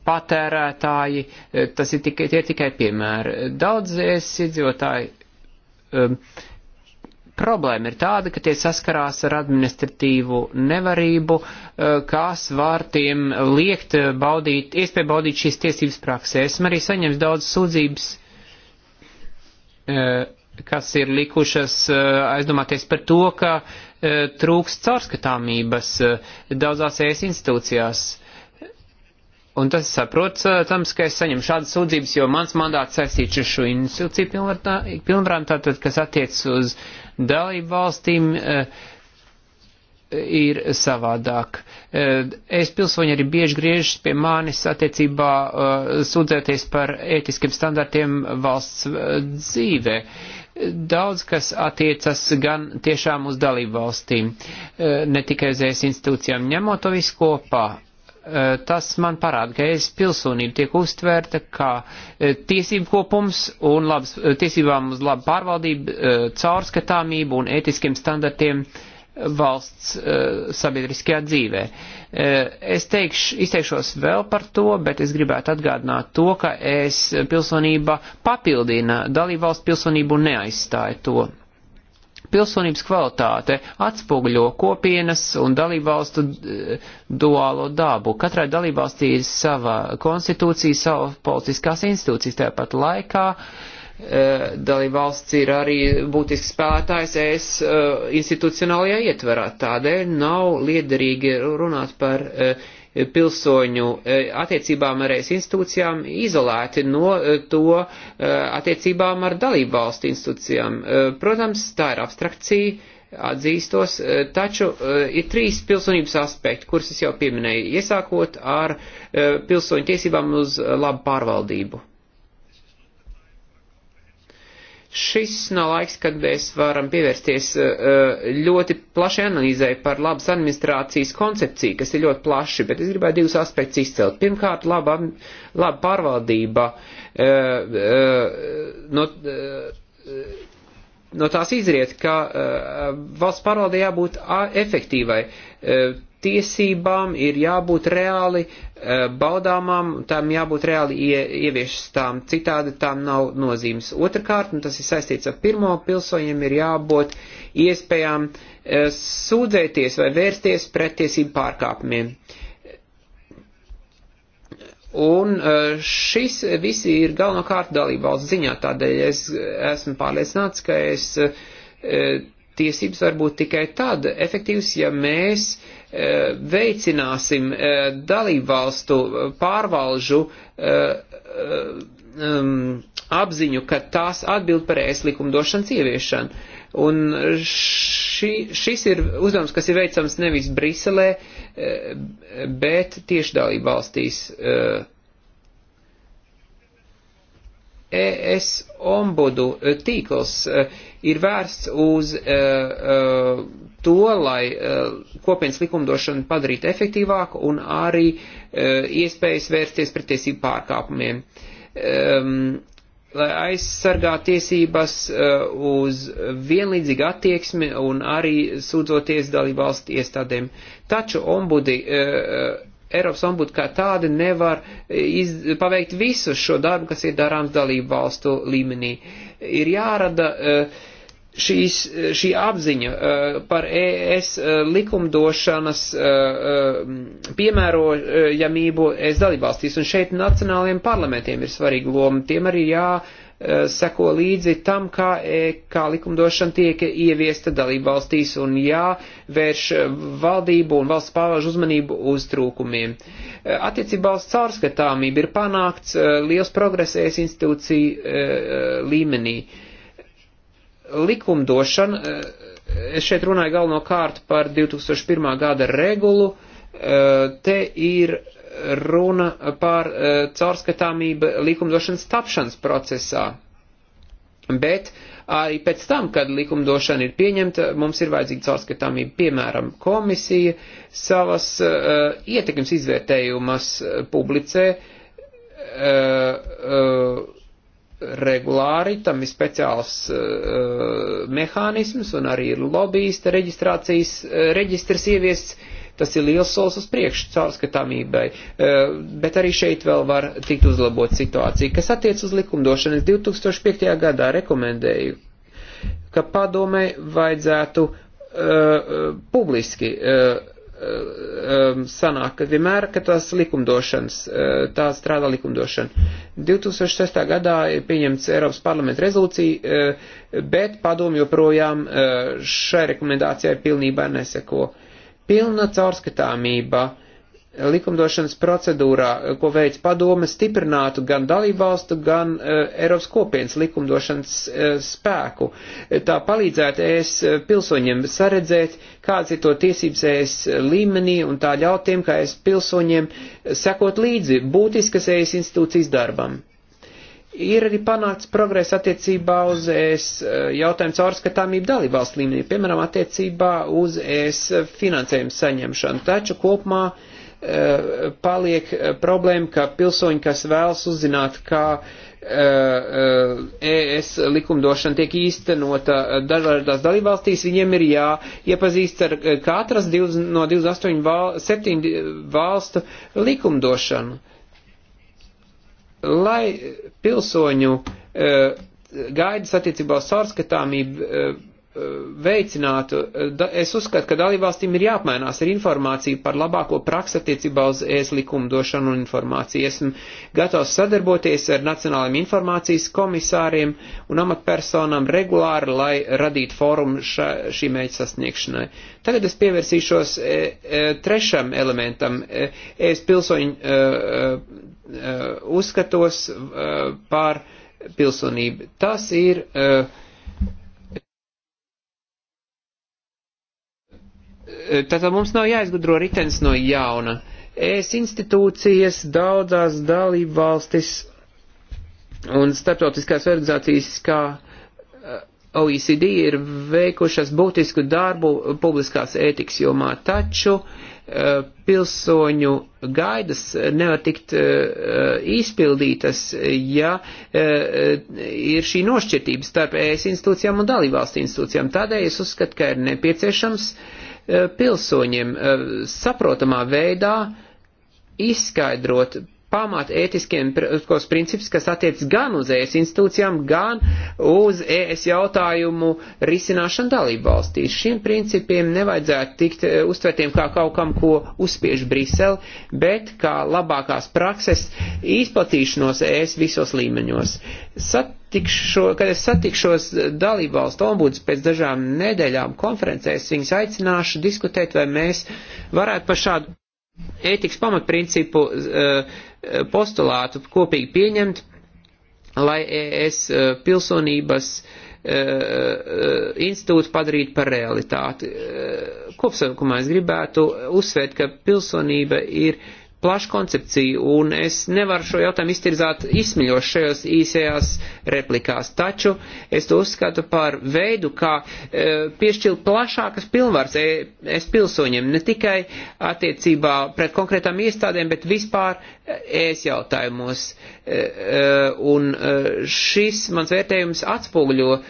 patērētāji, e, tas ir tikai, tie ir tikai piemēri. Daudzies iedzīvotāji um, e, problēma ir tāda, ka tie saskarās ar administratīvu nevarību, e, kas var tiem liekt baudīt, iespēju baudīt šīs tiesības praksē. Esmu arī saņēmis daudz sūdzības, kas ir likušas aizdomāties par to, ka trūks caurskatāmības daudzās ES institūcijās Un tas saprotams, ka es saņemu šādas sūdzības, jo mans mandāts saistīts ar šo institūciju pilnvarām, tātad, kas attiecas uz dalību valstīm, ir savādāk. Es pilsoņi arī bieži griežas pie manis attiecībā sūdzēties par ētiskiem standartiem valsts dzīvē daudz kas attiecas gan tiešām uz dalību valstīm, ne tikai uz ES institūcijām. Ņemot to visu kopā, Eh, tas man parāda, ka es pilsonība tiek uztvērta kā eh, tiesību kopums un labs, eh, tiesībām uz labu pārvaldību, caurskatāmību un ētiskiem standartiem valsts sabiedriskajā dzīvē. Es teikšu, izteikšos vēl par to, bet es gribētu atgādināt to, ka es pilsonība papildina dalībvalsts pilsonību un neaizstāju to. Pilsonības kvalitāte atspoguļo kopienas un dalībvalstu eh, duālo dabu. Katrai dalībvalstī ir sava konstitūcija, sava politiskās institūcijas. Tāpat laikā eh, dalībvalsts ir arī būtisks spētājs es eh, institucionālajā ietverā. Tādēļ nav liederīgi runāt par uh, pilsoņu e, attiecībām ar ES institūcijām izolēti no e, to e, attiecībām ar dalību valstu institūcijām. Protams, tā ir abstrakcija, atzīstos, taču ir trīs pilsonības aspekti, kurus es jau pieminēju, iesākot ar pilsoņu tiesībām uz labu pārvaldību. Šis nav laiks, kad mēs varam pievērsties eh, ļoti plašai analīzai par labas administrācijas koncepciju, kas ir ļoti plaši, bet es gribēju divus aspektus izcelt. Pirmkārt, laba, laba pārvaldība eh, eh, no, no tās izriet, ka uh, valsts pārvaldē jābūt efektīvai. Uh, tiesībām ir jābūt reāli uh, baudāmām, tām jābūt reāli ie, ieviešstām, citādi tām nav nozīmes. Otrakārt, un tas ir saistīts ar pirmo, pilsoņiem ir jābūt iespējām uh, sūdzēties vai vērsties pret tiesību pārkāpumiem. Uh, Un e, šis visi ir galvenokārt dalībvalsts ziņā, tādēļ es esmu pārliecināts, ka es e, tiesības var būt tikai tad efektīvs, ja mēs e, veicināsim dalībvalstu pārvalžu apziņu, ka tās atbild par ēs likumdošanas ieviešanu. Un ši, šis ir uzdevums, kas ir veicams nevis Briselē, uh, Eh, bet tieši dalība valstīs ES eh, e ombudu eh, tīkls ir vērsts uz to, lai kopienas likumdošanu padarītu efektīvāku un arī iespējas vērsties pret tiesību pārkāpumiem. Ehm, lai aizsargā tiesības eh, uz vienlīdzīgu attieksmi un arī sūdzoties dalību valstu iestādēm. Taču ombudi, eh, Eiropas ombudi kā tādi nevar eh, iz, paveikt visu šo darbu, kas ir darāms dalību valstu līmenī. Ir jārada uh, šīs, šī apziņa uh, par ES eh, likumdošanas uh, piemērojamību ES dalībvalstīs, un šeit nacionāliem parlamentiem ir svarīga loma, tiem arī jāseko uh, līdzi tam, kā, e, kā likumdošana tiek ieviesta dalībvalstīs, un jāvērš valdību un valsts pārvalžu uzmanību uz trūkumiem. Attiecībā uz caurskatāmību ir panākts liels progress ES institūciju līmenī likumdošana, eh, es šeit runāju galvenokārt par 2001. gada regulu, eh, te ir runa par eh, caurskatāmību likumdošanas tapšanas procesā. Bet arī pēc tam, kad likumdošana ir pieņemta, mums ir vajadzīga caurskatāmība. Piemēram, komisija savas uh, ietekmes izvērtējumas publicē. Uh, uh, regulāri, tam ir speciāls uh, mehānisms un arī ir lobbyista reģistrācijas uh, reģistrs ieviests. Tas ir liels solis uz priekšu caurskatāmībai, uh, bet arī šeit vēl var tikt uzlabot situācija. Kas attiec uz likumdošanu, es 2005. gadā rekomendēju, ka padomē vajadzētu uh, publiski uh, Um, sanāk, ka vienmēr, ka tās likumdošanas, uh, tā strādā likumdošana. 2006. gadā ir pieņemts Eiropas parlamenta rezolūcija, uh, bet padomu joprojām uh, šai rekomendācijai pilnībā neseko. Pilna caurskatāmība likumdošanas procedūrā, ko veids padome, stiprinātu gan dalībvalstu, gan uh, Eiropas kopienas likumdošanas uh, spēku. Tā palīdzētu ES e, pilsoņiem saredzēt, kāds ir to tiesības ES līmenī un tā ļautiem, kā ES pilsoņiem sekot līdzi būtiskas ES institūcijas darbam. Ir arī panākts progress attiecībā uz ES jautājumu caurskatāmību dalībvalstu līmenī, piemēram, attiecībā uz ES finansējumu saņemšanu. Taču kopumā uh, Eh, paliek eh, problēma, ka pilsoņi, kas vēlas uzzināt, kā ES eh, e likumdošana tiek īstenota dažādās dalībvalstīs, viņiem ir jāiepazīst ar katras 20, no 28 val, 7 valstu likumdošanu. Lai pilsoņu gaidas attiecībā uz caurskatāmību veicinātu, es uzskatu, ka dalībvalstīm ir jāapmainās ar informāciju par labāko praksi attiecībā uz ES likumdošanu un informāciju. Esmu gatavs sadarboties ar nacionālajiem informācijas komisāriem un amatpersonām regulāri, lai radītu fórumu ša, šī mērķa sasniegšanai. Tagad es pievērsīšos e, e, trešam elementam. E, es pilsoņu e, e, uzskatos e, par pilsonību. Tas ir e, Eh, tātad mums nav jāizgudro ritenis no jauna. Es institūcijas daudzās dalību valstis un starptautiskās organizācijas kā eh, OECD ir veikušas būtisku darbu publiskās ētikas jomā, taču eh, pilsoņu gaidas nevar tikt izpildītas, ja ir šī nošķirtība starp ES institūcijām un dalībvalstu institūcijām. Tādēļ es uzskatu, ka ir nepieciešams uh, Eh, pilsoņiem eh, saprotamā veidā izskaidrot pamāt ētiskiem kos principus, kas attiec gan uz ES institūcijām, gan uz ES jautājumu risināšanu dalību valstīs. Šiem principiem nevajadzētu tikt e, uztvērtiem kā kaut kam, ko uzspiež Brisele, bet kā labākās prakses izplatīšanos ES visos līmeņos. Satikšo, kad es satikšos dalību valstu ombuds pēc dažām nedēļām konferencēs, viņus aicināšu diskutēt, vai mēs varētu par šādu ētikas pamatprincipu uh, postulātu kopīgi pieņemt, lai ES eh, pilsonības eh, eh, institūtu padarītu par realitāti. Kopsavilkumā es gribētu uzsvērt, ka pilsonība ir plašu koncepciju, un es nevaru šo jautājumu iztirzāt izsmiļoši šajos īsajās replikās, taču es to uzskatu par veidu, kā e, piešķilt plašākas pilnvars e, es pilsoņiem, ne tikai attiecībā pret konkrētām iestādēm, bet vispār es jautājumos. E, e, un e, šis mans vērtējums atspoguļo e,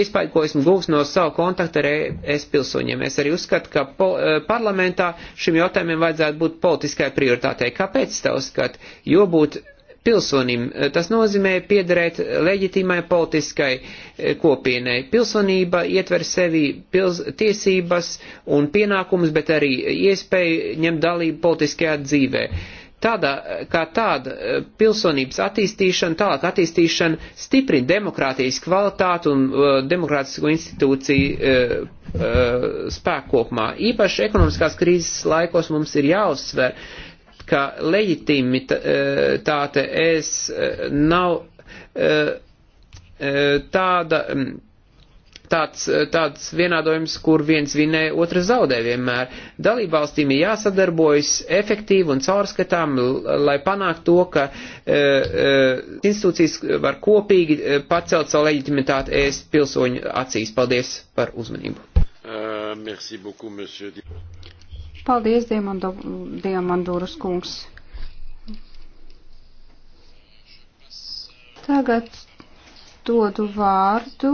iespēju, ko esmu gūst no savu kontaktu ar e, es pilsoņiem. Es arī uzskatu, ka po, e, parlamentā šim jautājumiem vajadzētu būt politiskai prioritātei suverenitātei. Kāpēc tā uzskat? Jo būt pilsonim eh, tas nozīmē piederēt leģitīmai politiskai eh, kopienai. Pilsonība ietver sevi pils, tiesības un pienākumus, bet arī iespēju ņemt dalību politiskajā dzīvē. Tādā, eh, kā tāda pilsonības attīstīšana, tālāk attīstīšana stiprina demokrātijas kvalitātu un uh, demokrātisko institūciju uh, uh, spēku kopumā. Īpaši ekonomiskās krīzes laikos mums ir jāuzsver, uh, ka leģitimitāte es eh, nav eh, eh, tāda, mm, tāds, tāds vienādojums, kur viens vinē, otrs zaudē vienmēr. Dalībvalstīm ir jāsadarbojas efektīvi un caurskatām, lai panāktu to, ka institūcijas var kopīgi pacelt savu leģitimitāti es pilsoņu acīs. Paldies par uzmanību. Uh, merci beaucoup, monsieur. Paldies, Diemandūras kungs. Tagad dodu vārdu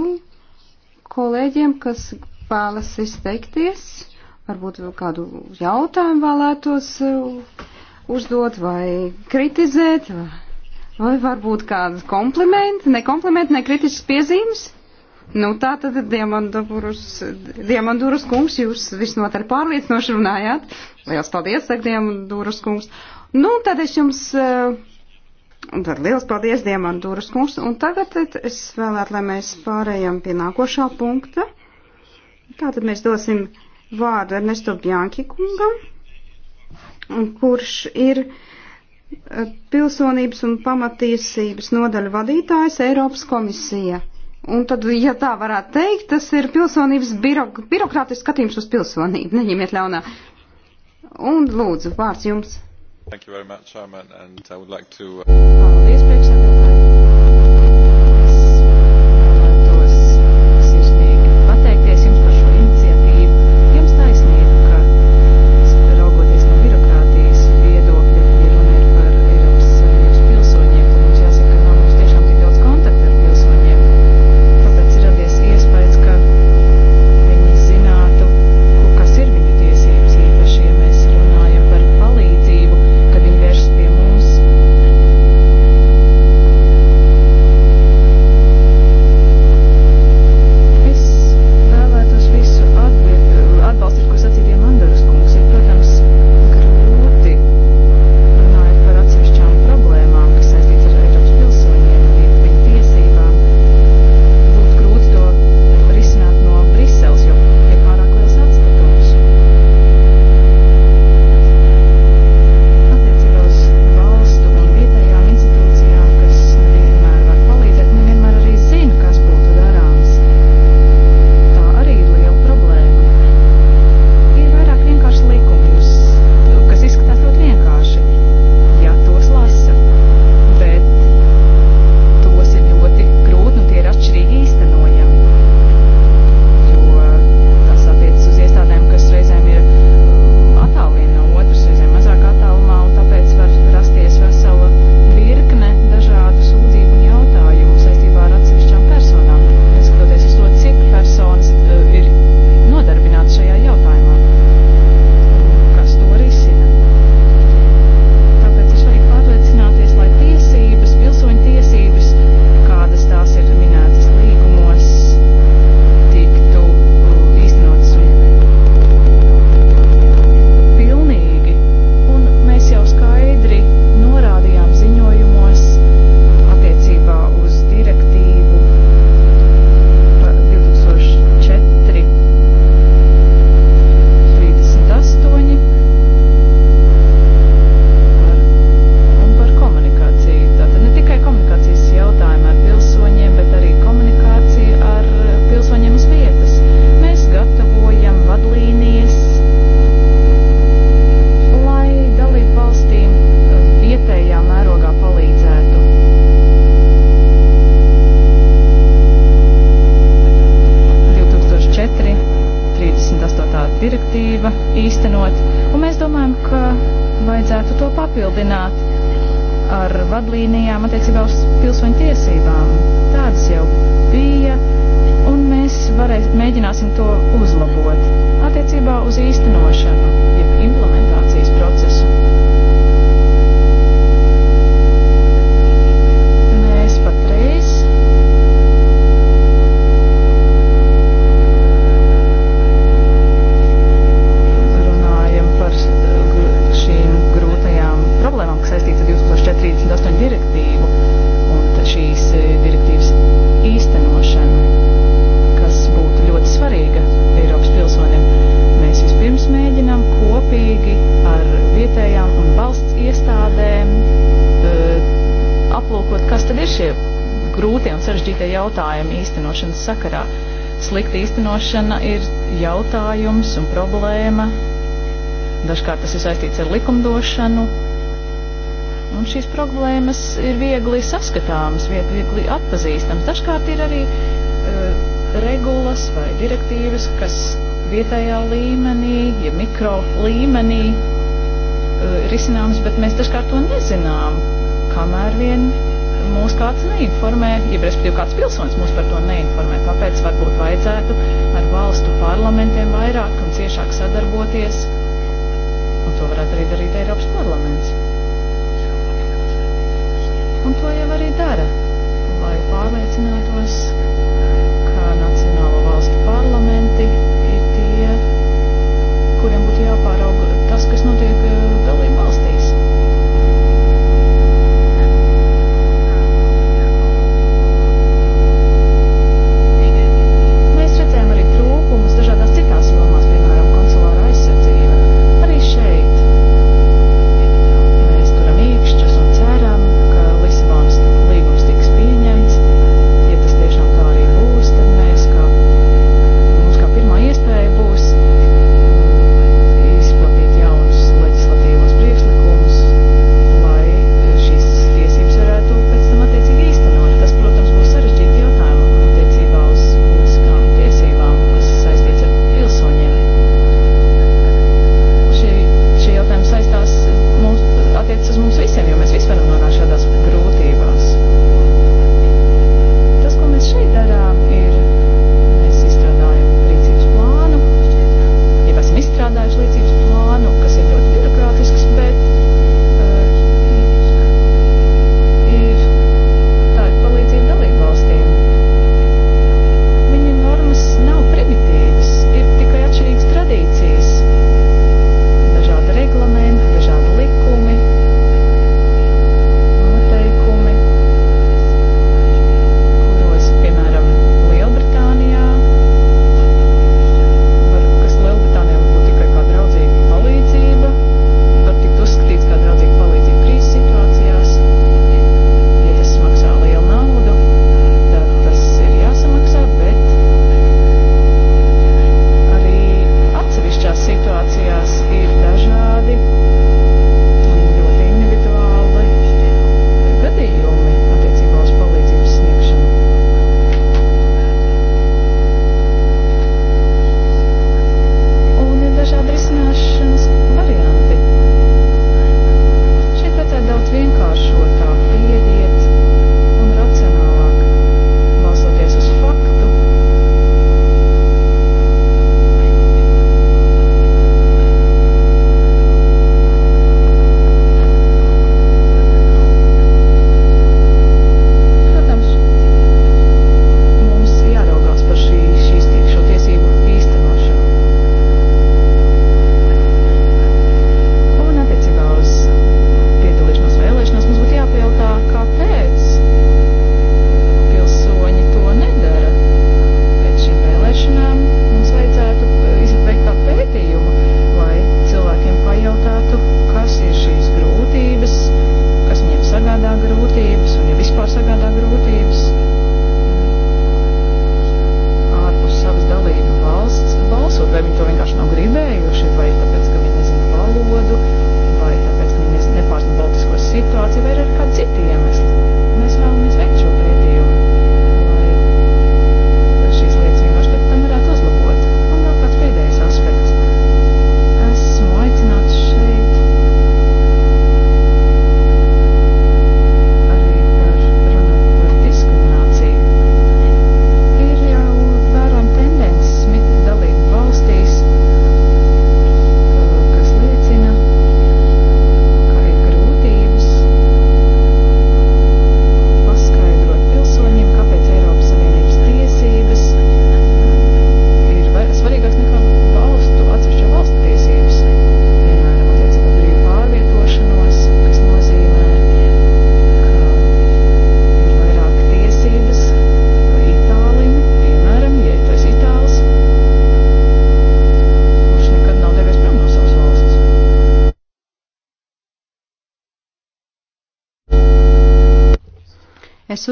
kolēģiem, kas vēlas izteikties. Varbūt vēl kādu jautājumu vēlētos uh, uzdot vai kritizēt, vai varbūt kādu komplimentu, nekomplimentu, nekritisks piezīmes. Nu, tā tad Diemandūras kungs, jūs visnotaļ pārliecinoši runājāt. Liels paldies, saka Diemandūras kungs. Nu, tad es jums, eh, tad liels paldies Diemandūras kungs. Un tagad es vēlētu, lai mēs pārējām pie nākošā punkta. Tātad mēs dosim vārdu Ernesto Bjanki kungam, kurš ir eh, pilsonības un pamatiesības nodaļu vadītājs Eiropas komisija. Un tad, ja tā varētu teikt, tas ir pilsonības birok birokrātisks skatījums uz pilsonību. Neņemiet ļaunā. Un lūdzu, vārds jums. Thank you very much, Chairman, and I would like to... Uh, Paldies, priekšsēdētāj. sarežģītie jautājumi īstenošanas sakarā. Slikta īstenošana ir jautājums un problēma. Dažkārt tas ir saistīts ar likumdošanu. Un šīs problēmas ir viegli saskatāmas, viegli atpazīstamas. Dažkārt ir arī uh, regulas vai direktīvas, kas vietējā līmenī, ja mikro līmenī uh, eh, risināms, bet mēs dažkārt to nezinām, kamēr vien mūs kāds neinformē, jeb respektīvi kāds pilsonis mūs par to neinformē. Tāpēc varbūt vajadzētu ar valstu parlamentiem vairāk un ciešāk sadarboties, un to varētu arī darīt Eiropas parlaments. Un to jau arī dara, lai pārliecinātos, ka Nacionālo valstu parlamenti ir tie, kuriem būtu jāpārauga tas, kas notiek uh, dalību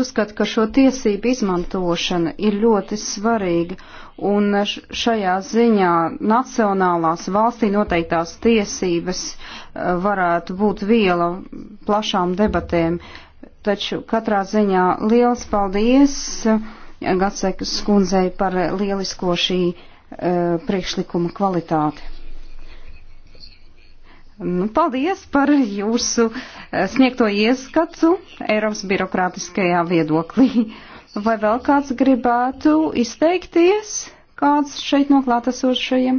uzskata, ka šo tiesību izmantošana ir ļoti svarīga, un šajā ziņā nacionālās valstī noteiktās tiesības eh, varētu būt viela plašām debatēm. Taču katrā ziņā liels paldies eh, Gacekas kundzei par lielisko šī uh, priekšlikuma kvalitāti. Nu, paldies par jūsu eh, sniegto ieskatu Eiropas birokrātiskajā viedoklī. Vai vēl kāds gribētu izteikties? Kāds šeit no klātesošajiem?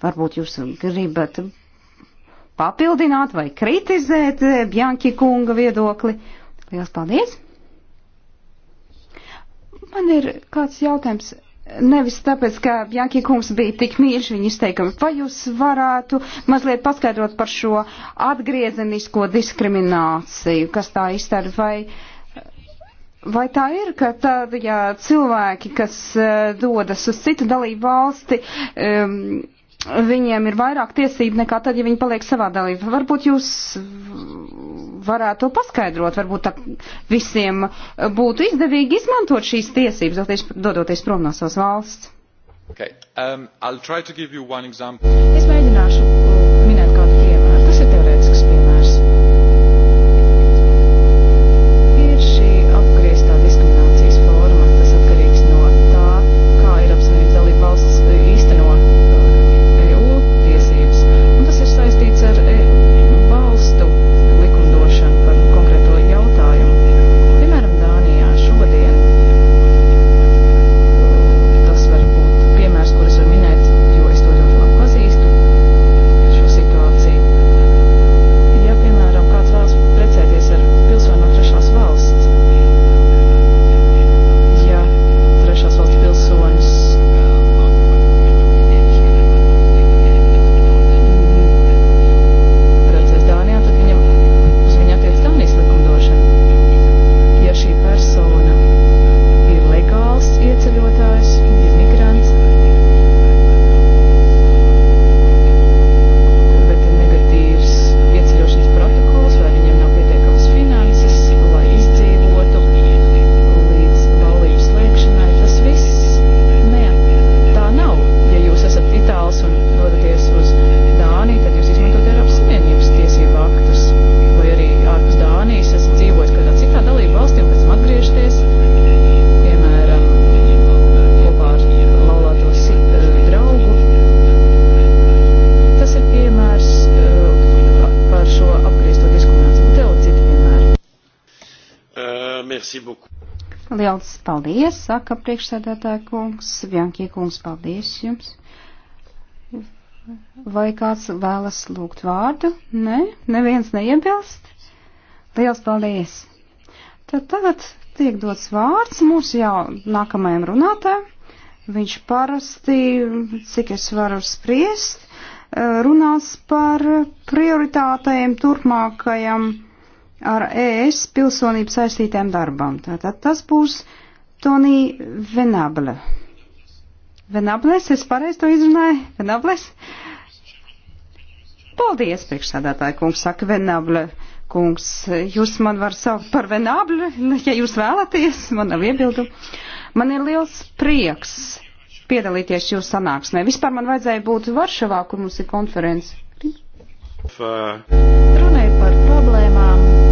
Varbūt jūs gribat papildināt vai kritizēt eh, Bjanki kunga viedokli. Lielas paldies! Man ir kāds jautājums. Nevis tāpēc, ka Janki kungs bija tik mīļš viņa izteikumi. Vai jūs varētu mazliet paskaidrot par šo atgriezenisko diskrimināciju, kas tā iztara, vai, vai tā ir, ka tad, ja cilvēki, kas eh, dodas uz citu dalību valsti, um, viņiem ir vairāk tiesību nekā tad, ja viņi paliek savā dalībā. Varbūt jūs varētu to paskaidrot, varbūt tā visiem būtu izdevīgi izmantot šīs tiesības, doties, dodoties prom no savas valsts. Okay. Um, es mēģināšu Paldies, saka priekšsēdētāja kungs, Vjankie kungs, paldies jums. Vai kāds vēlas lūgt vārdu? Nē, ne? neviens neiebilst. Liels paldies! Tad tagad tiek dots vārds mūsu jau nākamajam runātājam. Viņš parasti, cik es varu spriest, runās par prioritātēm turpmākajam ar ES pilsonību saistītēm darbam. Tātad tas būs Tonī Venable. Venables, es pareizi to izrunāju? Venables? Paldies, priekšsādātāji kungs, saka Venable. Kungs, jūs man var saukt par Venable, ja jūs vēlaties, man nav iebildu. Man ir liels prieks piedalīties jūsu sanāksmē. Vispār man vajadzēja būt Varšavā, kur mums ir konference. Runājot par problēmām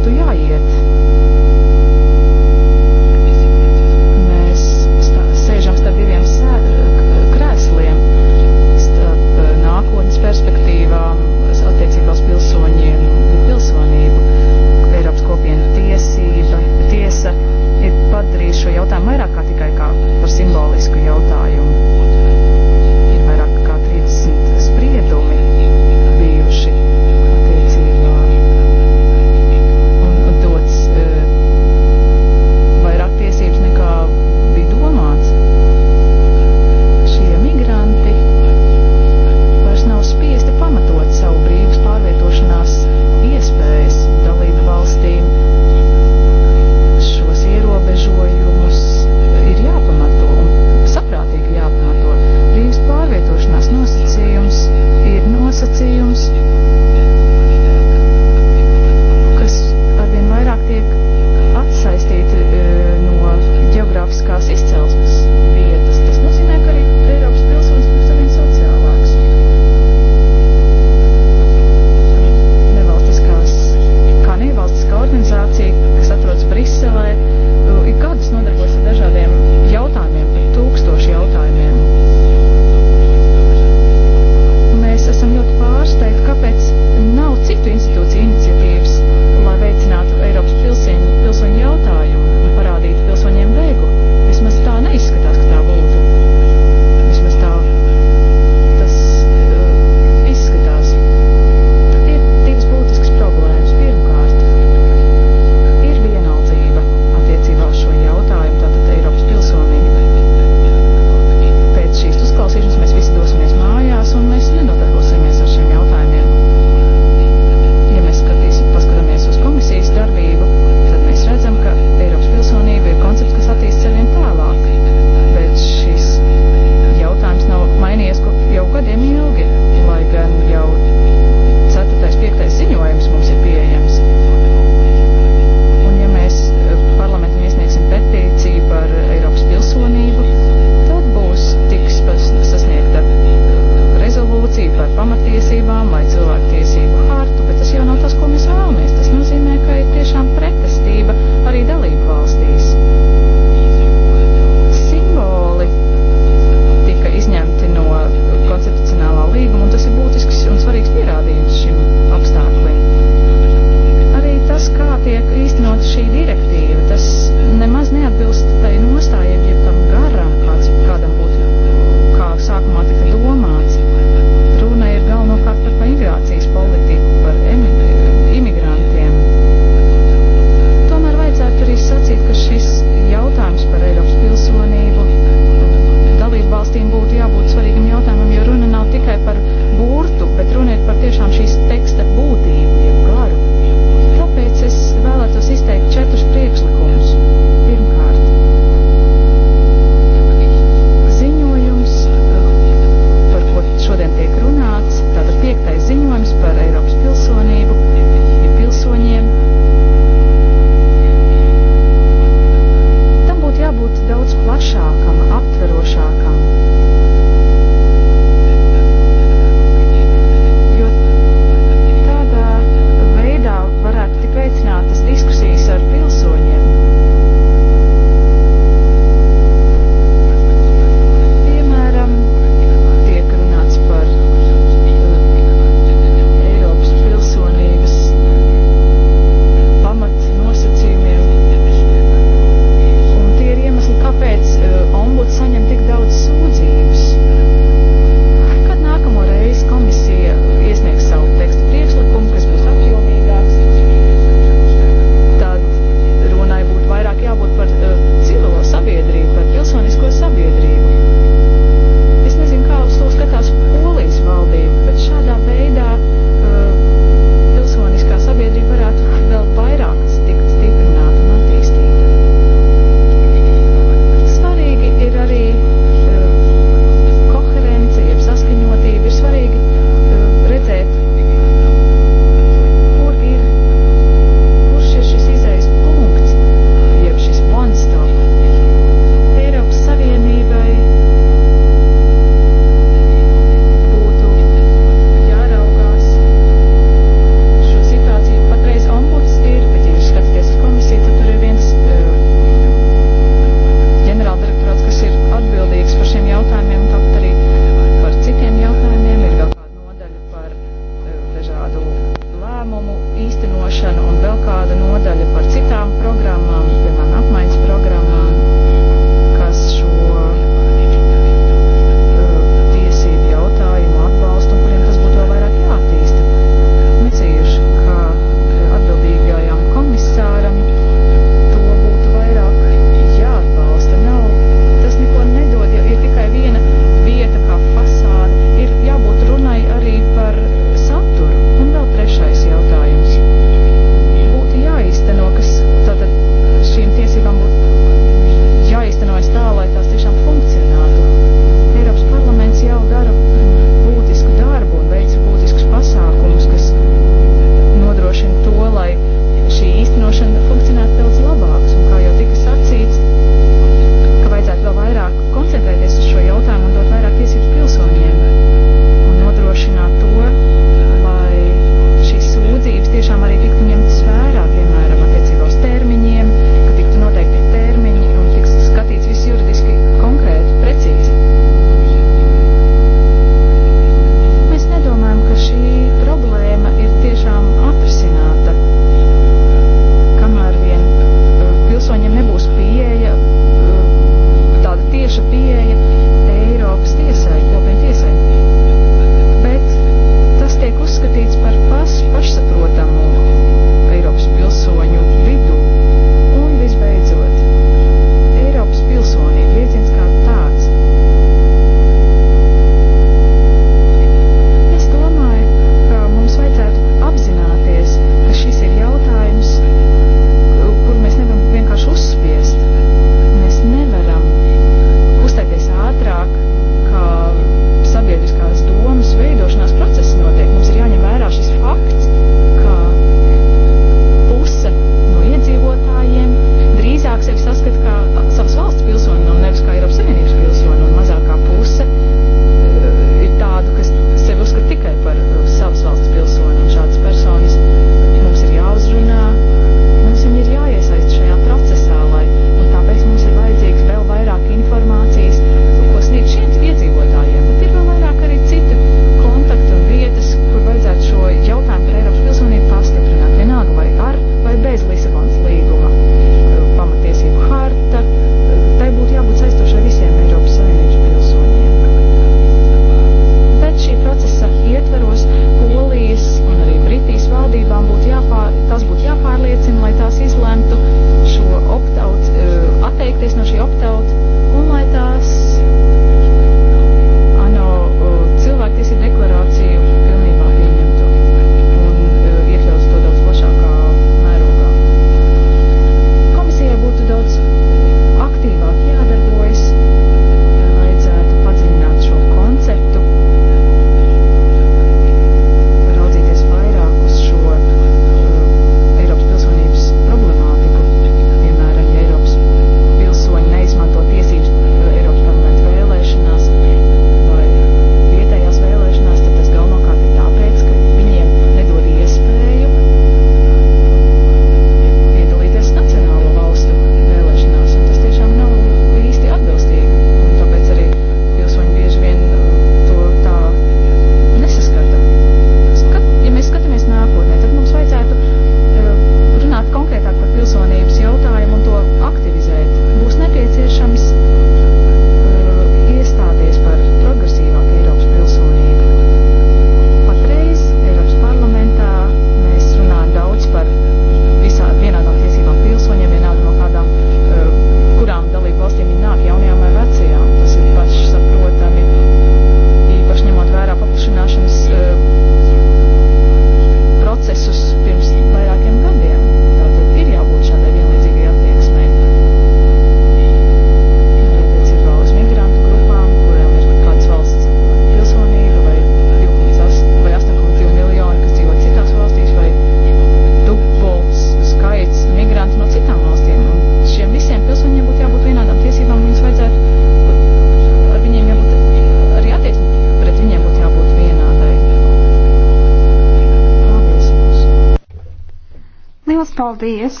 Paldies!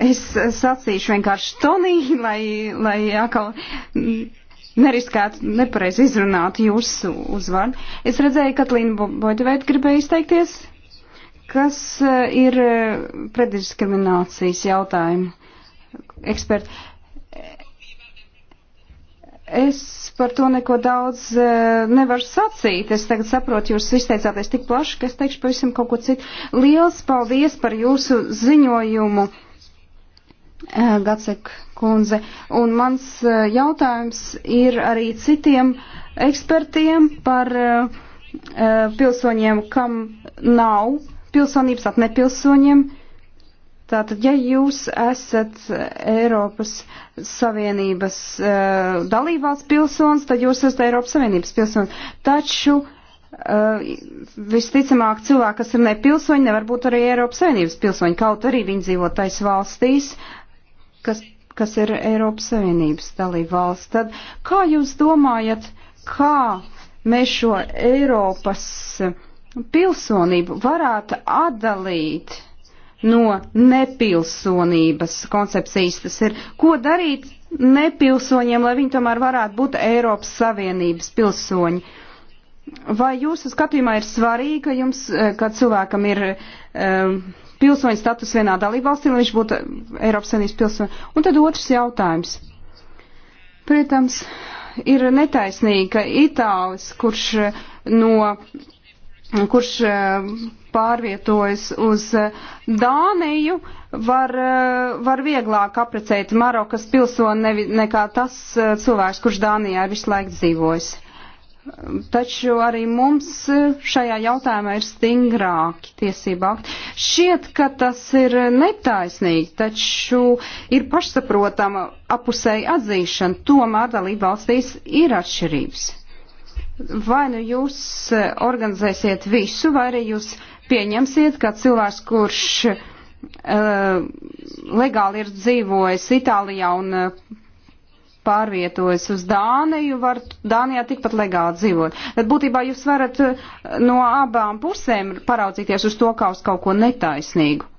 Es sacīšu vienkārši Tonī, lai, lai atkal neriskētu nepareizi izrunāt jūsu uzvārdu. Es redzēju, Katlīna Boģevēta gribēja izteikties, kas e, ir e, preddiskriminācijas jautājumu eksperti. Es par to neko daudz e, nevaru sacīt. Es tagad saprotu, jūs izteicāties tik plaši, ka es teikšu pavisam kaut ko citu. Liels paldies par jūsu ziņojumu, eh, Gacek kundze. Un mans eh, jautājums ir arī citiem ekspertiem par eh, pilsoņiem, kam nav pilsonības, at nepilsoņiem. Tātad, ja jūs esat Eiropas Savienības uh, dalībvalsts pilsonis, tad jūs esat Eiropas Savienības pilsonis. Taču uh, Uh, visticamāk, cilvēki, kas ir ne pilsoņi, nevar būt arī Eiropas Savienības pilsoņi, kaut arī viņi dzīvo tais valstīs, kas, kas ir Eiropas Savienības dalība valsts. Tad kā jūs domājat, kā mēs šo Eiropas pilsonību varētu atdalīt no nepilsonības koncepcijas? Tas ir, ko darīt nepilsoņiem, lai viņi tomēr varētu būt Eiropas Savienības pilsoņi? Vai jūsu skatījumā ir svarīgi, ka jums, eh, ka cilvēkam ir um, eh, pilsoņa status vienā dalībvalstī, lai viņš būtu Eiropas Savienības pilsoņa? Un tad otrs jautājums. Protams, ir netaisnīgi, ka Itālis, kurš eh, no kurš pārvietojas uz Dāniju, var, var vieglāk aprecēt Marokas pilsoni nekā tas cilvēks, kurš Dānijā ir visu laiku dzīvojis. Taču arī mums šajā jautājumā ir stingrāki tiesība akti. Šķiet, ka tas ir netaisnīgi, taču ir pašsaprotama apusēja atzīšana. Tomēr dalība valstīs ir atšķirības. Vai nu jūs organizēsiet visu, vai arī jūs pieņemsiet, ka cilvēks, kurš uh, legāli ir dzīvojis Itālijā un uh, pārvietojas uz Dāniju, var Dānijā tikpat legāli dzīvot. Tad būtībā jūs varat eh, no abām pusēm paraudzīties uz to kā uz kaut ko netaisnīgu.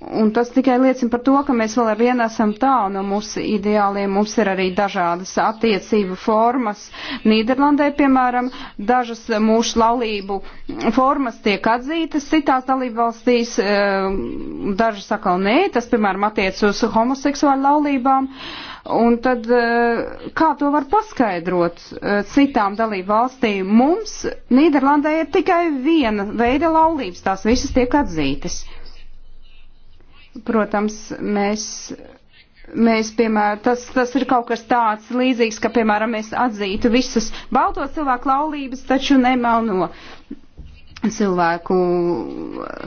Un tas tikai liecina par to, ka mēs vēl ar vienu esam tālu no mūsu ideāliem. Mums ir arī dažādas attiecību formas. Nīderlandē, piemēram, dažas mūsu laulību formas tiek atzītas, citās dalību valstīs ehm, dažas atkal nē. Tas, piemēram, attiec uz homoseksuālu laulībām. Un tad ehm, kā to var paskaidrot ehm, citām dalību valstīm? Mums Nīderlandē ir tikai viena veida laulības, tās visas tiek atzītas. Protams, mēs, mēs piemēram, tas, tas ir kaut kas tāds līdzīgs, ka, piemēram, mēs atzītu visus balto cilvēku laulības, taču nemelno cilvēku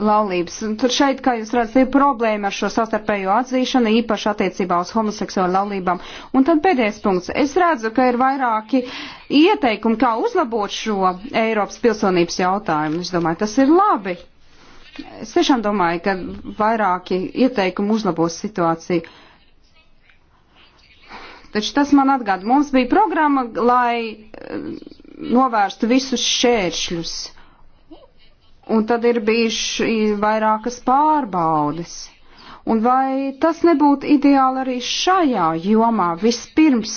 laulības. Un tur šeit, kā jūs redzat, ir problēma ar šo savstarpējo atzīšanu, īpaši attiecībā uz homoseksuālu laulībām. Un tad pēdējais punkts. Es redzu, ka ir vairāki ieteikumi, kā uzlabot šo Eiropas pilsonības jautājumu. Es domāju, tas ir labi. Es tiešām domāju, ka vairāki ieteikumi uzlabos situāciju. Taču tas man atgāda, mums bija programma, lai eh, novērstu visus šēršļus. Un tad ir bijuši vairākas pārbaudes. Un vai tas nebūtu ideāli arī šajā jomā vispirms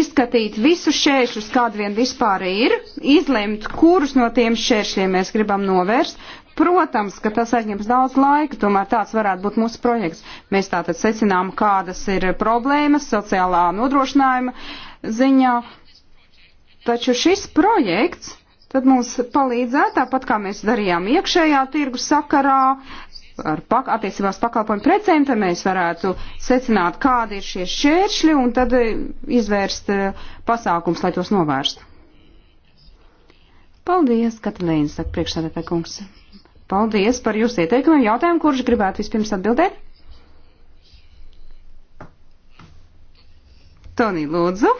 izskatīt visus šēršļus, kādi vien vispār ir, izlemt, kurus no tiem šēršļiem mēs gribam novērst, Protams, ka tas aizņems daudz laika, tomēr tāds varētu būt mūsu projekts. Mēs tātad secinām, kādas ir problēmas sociālā nodrošinājuma ziņā. Taču šis projekts tad mums palīdzēja, tāpat kā mēs darījām iekšējā tirgu sakarā, ar pak attiecībās pakalpojumu precēm, tad mēs varētu secināt, kādi ir šie šķēršļi un tad e, izvērst e, pasākums, lai tos novērstu. Paldies, Katalīna, saka priekšsēdētāj kungs. Paldies par jūsu ieteikumiem. Jautājumu, kurš gribētu vispirms atbildēt? Toni, lūdzu.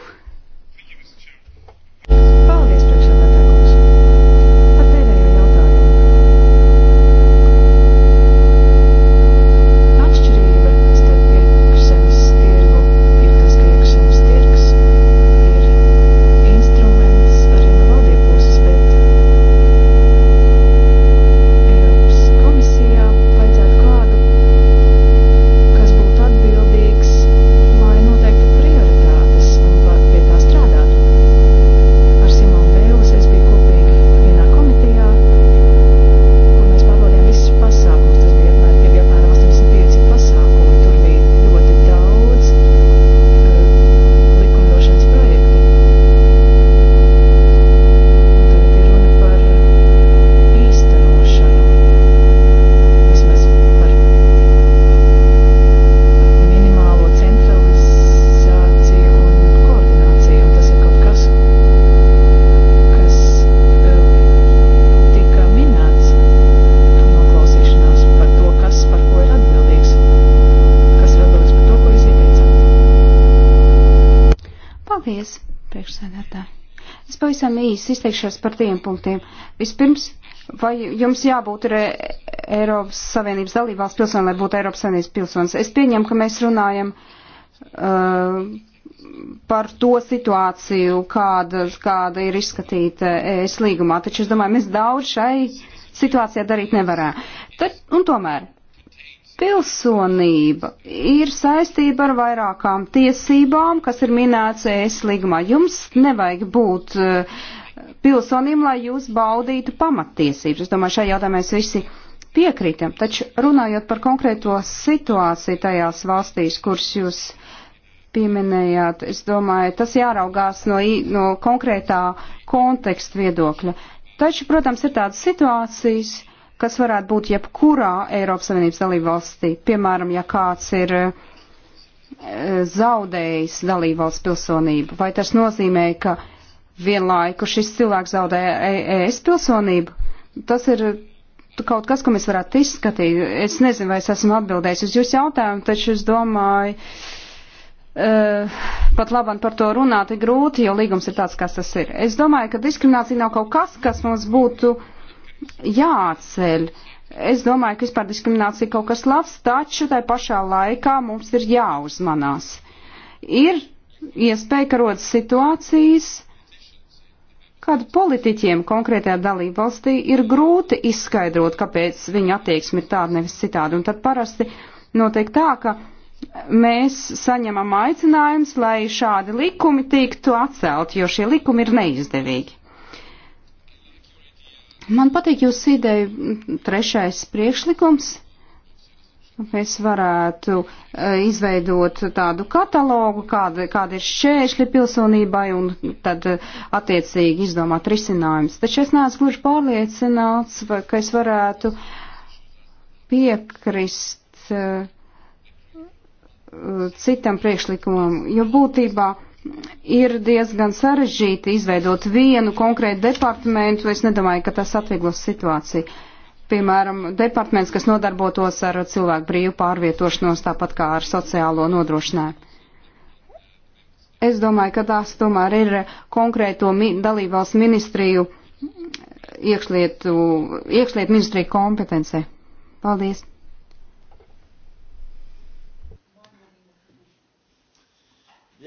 izteikšos par tiem punktiem. Vispirms, vai jums jābūt arī Eiropas Savienības dalībvalsts pilsonim, lai būtu Eiropas Savienības pilsonis? Es pieņemu, ka mēs runājam uh, par to situāciju, kāda, kāda ir izskatīta ES līgumā, taču es domāju, mēs daudz šai situācijā darīt nevarē. Tad, un tomēr pilsonība ir saistība ar vairākām tiesībām, kas ir minēts ES līgumā. Jums nevajag būt uh, pilsonim, lai jūs baudītu pamattiesības. Es domāju, šajā jautājumā mēs visi piekrītam, taču runājot par konkrēto situāciju tajās valstīs, kuras jūs pieminējāt, es domāju, tas jāraugās no, no konkrētā konteksta viedokļa. Taču, protams, ir tādas situācijas, kas varētu būt jebkurā Eiropas Savienības dalību valstī. Piemēram, ja kāds ir eh, zaudējis dalībvalsts pilsonību, vai tas nozīmē, ka vienlaiku šis cilvēks zaudē ES e pilsonību. Tas ir kaut kas, ko mēs varētu izskatīt. Es nezinu, vai es esmu atbildējis uz jūsu jautājumu, taču es domāju, uh, pat labam par to runāt ir grūti, jo līgums ir tāds, kas tas ir. Es domāju, ka diskriminācija nav kaut kas, kas mums būtu jāatceļ. Es domāju, ka vispār diskriminācija ir kaut kas labs, taču tai pašā laikā mums ir jāuzmanās. Ir iespēja, ka rodas situācijas, kad politiķiem konkrētajā dalībvalstī ir grūti izskaidrot, kāpēc viņa attieksme ir tāda nevis citāda. Un tad parasti notiek tā, ka mēs saņemam aicinājums, lai šādi likumi tiktu atcelti, jo šie likumi ir neizdevīgi. Man patīk jūsu ideja trešais priekšlikums Mēs varētu eh, izveidot tādu katalogu, kāda, kāda ir šķēršļi pilsonībai, un tad eh, attiecīgi izdomāt risinājums. Taču es neesmu gluži pārliecināts, vai, ka es varētu piekrist uh, citam priekšlikumam, jo būtībā ir diezgan sarežģīti izveidot vienu konkrētu departamentu. Es nedomāju, ka tas atvieglos situāciju. Uh, piemēram, departaments, kas nodarbotos ar cilvēku brīvu pārvietošanos, tāpat kā ar sociālo nodrošinājumu. Es domāju, ka tās tomēr ir konkrēto dalībvalsts ministriju iekšlietu, iekšlietu ministriju kompetence. Paldies!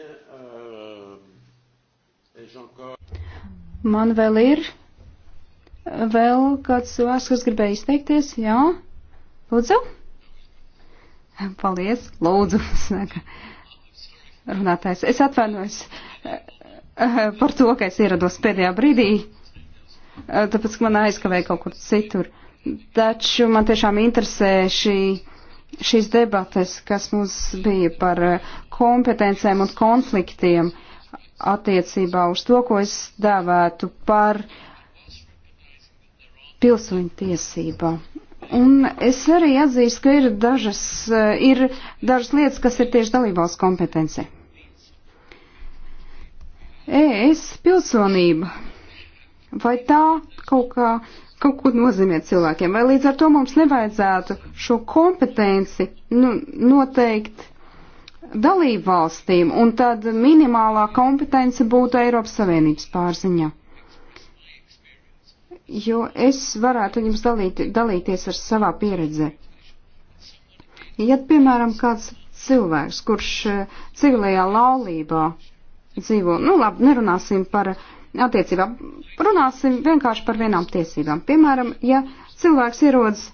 Euh, Man vēl ir Vēl kāds cilvēks, kas gribēja izteikties? Jā? Lūdzu? Paldies, lūdzu, saka runātājs. Es atvainojos eh, eh, par to, ka es ierados pēdējā brīdī, eh, tāpēc, ka man aizkavēja kaut kur citur. Taču man tiešām interesē šī, šīs debates, kas mums bija par kompetencēm un konfliktiem attiecībā uz to, ko es dēvētu par uh, pilsoņu tiesībām. Un es arī atzīstu, ka ir dažas, eh, ir dažas lietas, kas ir tieši dalībvalsts kompetence. ES pilsonība. Vai tā kaut, kā, kaut ko nozīmē cilvēkiem? Vai līdz ar to mums nevajadzētu šo kompetenci nu, noteikt dalībvalstīm, un tad minimālā kompetence būtu Eiropas Savienības pārziņā? jo es varētu jums dalīt, dalīties ar savā pieredze. Ja, piemēram, kāds cilvēks, kurš eh, civilajā laulībā dzīvo, nu labi, nerunāsim par attiecībām, runāsim vienkārši par vienām tiesībām. Piemēram, ja cilvēks ierodas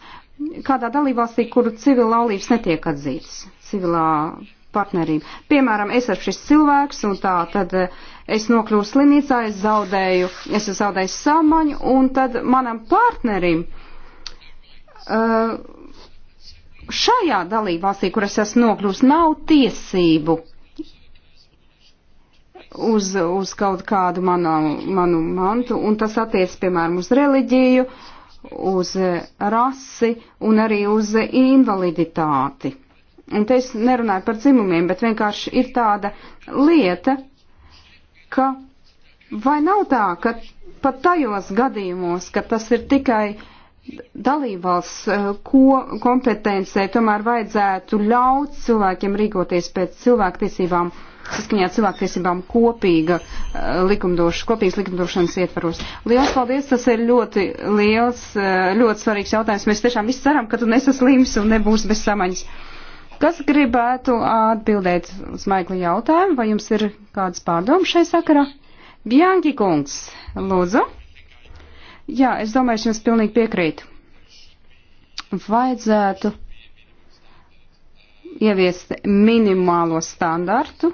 kādā dalībvalstī, kuru civila laulības netiek atzītas, civilā partnerība. Piemēram, es esmu šis cilvēks un tā tad uh, es nokļuvu slimnīcā, es zaudēju, es zaudēju samaņu, un tad manam partnerim uh, šajā dalībvalstī, kur es esmu nokļuvis, nav tiesību uz, uz kaut kādu manu, manu mantu, un tas attiec, piemēram, uz reliģiju, uz rasi un arī uz invaliditāti. Un te es nerunāju par dzimumiem, bet vienkārši ir tāda lieta, ka vai nav tā, ka pat tajos gadījumos, ka tas ir tikai dalībvalsts, eh, ko kompetencē tomēr vajadzētu ļaut cilvēkiem rīkoties pēc cilvēktiesībām, saskaņā cilvēktiesībām kopīga eh, likumdošana, kopīgas likumdošanas ietvaros. Lielas paldies, tas ir ļoti liels, eh, ļoti svarīgs jautājums. Mēs tiešām visi ceram, ka tu nesaslims un nebūs bez samaņas. Kas gribētu atbildēt uz Maikla jautājumu, vai jums ir kādas pārdomas šai sakarā? Bjanki kungs, lūdzu. Jā, es domāju, es jums pilnīgi piekrītu. Vajadzētu ieviest minimālo standartu,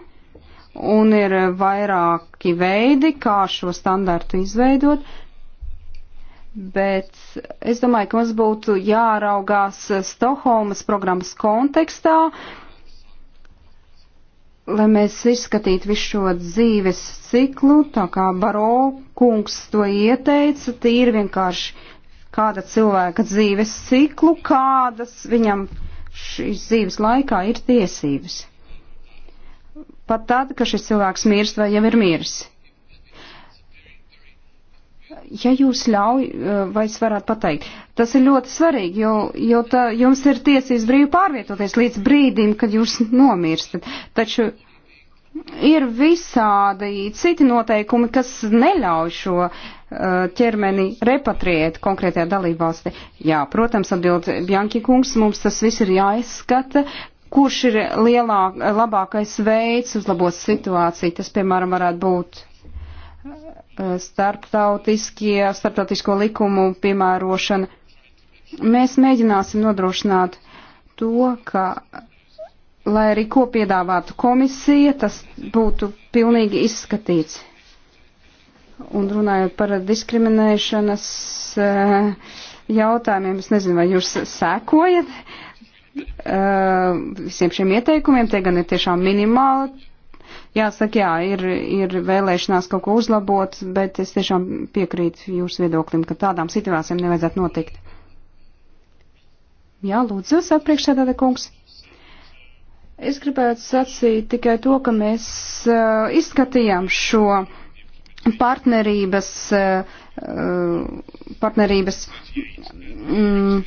un ir vairāki veidi, kā šo standartu izveidot. Bet es domāju, ka mums būtu jāraugās Stokholmas programmas kontekstā, lai mēs izskatītu visu šo dzīves ciklu, tā kā Baro kungs to ieteica, tīri vienkārši kāda cilvēka dzīves ciklu, kādas viņam šīs dzīves laikā ir tiesības. Pat tad, ka šis cilvēks mirst vai jau ir miris. Ja jūs ļauj, eh, vai es varētu pateikt, tas ir ļoti svarīgi, jo, jo tā, jums ir tiesības brīvi pārvietoties līdz brīdim, kad jūs nomirstat. Taču ir visādi citi noteikumi, kas neļauj šo uh, ķermeni repatriēt konkrētajā dalībvalstī. Jā, protams, atbild Bjanki kungs, mums tas viss ir jāizskata, kurš ir lielāk, labākais veids uzlabot situāciju. Tas, piemēram, varētu būt starptautiskie, starptautisko likumu piemērošana. Mēs mēģināsim nodrošināt to, ka, lai arī ko piedāvātu komisija, tas būtu pilnīgi izskatīts. Un runājot par diskriminēšanas eh, jautājumiem, es nezinu, vai jūs sekojat eh, visiem šiem ieteikumiem, tie gan ir tiešām minimāli Jāsaka, jā, ir, ir vēlēšanās kaut ko uzlabot, bet es tiešām piekrītu jūsu viedoklim, ka tādām situācijām nevajadzētu notikt. Jā, lūdzu, saka priekšsēdētāja kungs. Es gribētu sacīt tikai to, ka mēs uh, izskatījām šo partnerības, uh, uh partnerības mm,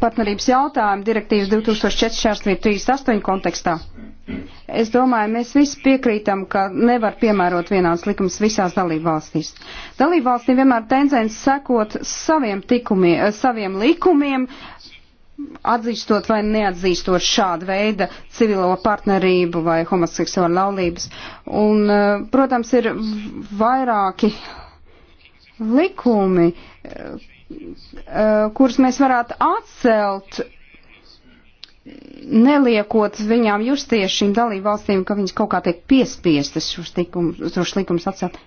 partnerības jautājumu direktīvas 2004-38 kontekstā. Es domāju, mēs visi piekrītam, ka nevar piemērot vienāds likums visās dalībvalstīs. Dalībvalstīm vienmēr tendence sekot saviem, tikumi, eh, saviem likumiem, atzīstot vai neatzīstot šādu veidu civilo partnerību vai homoseksuālu laulības. Un, eh, protams, ir vairāki likumi, eh, Uh, kurus mēs varētu atcelt, neliekot viņām justies šīm dalību valstīm, ka viņas kaut kā tiek piespiestas šos likumus atcelt.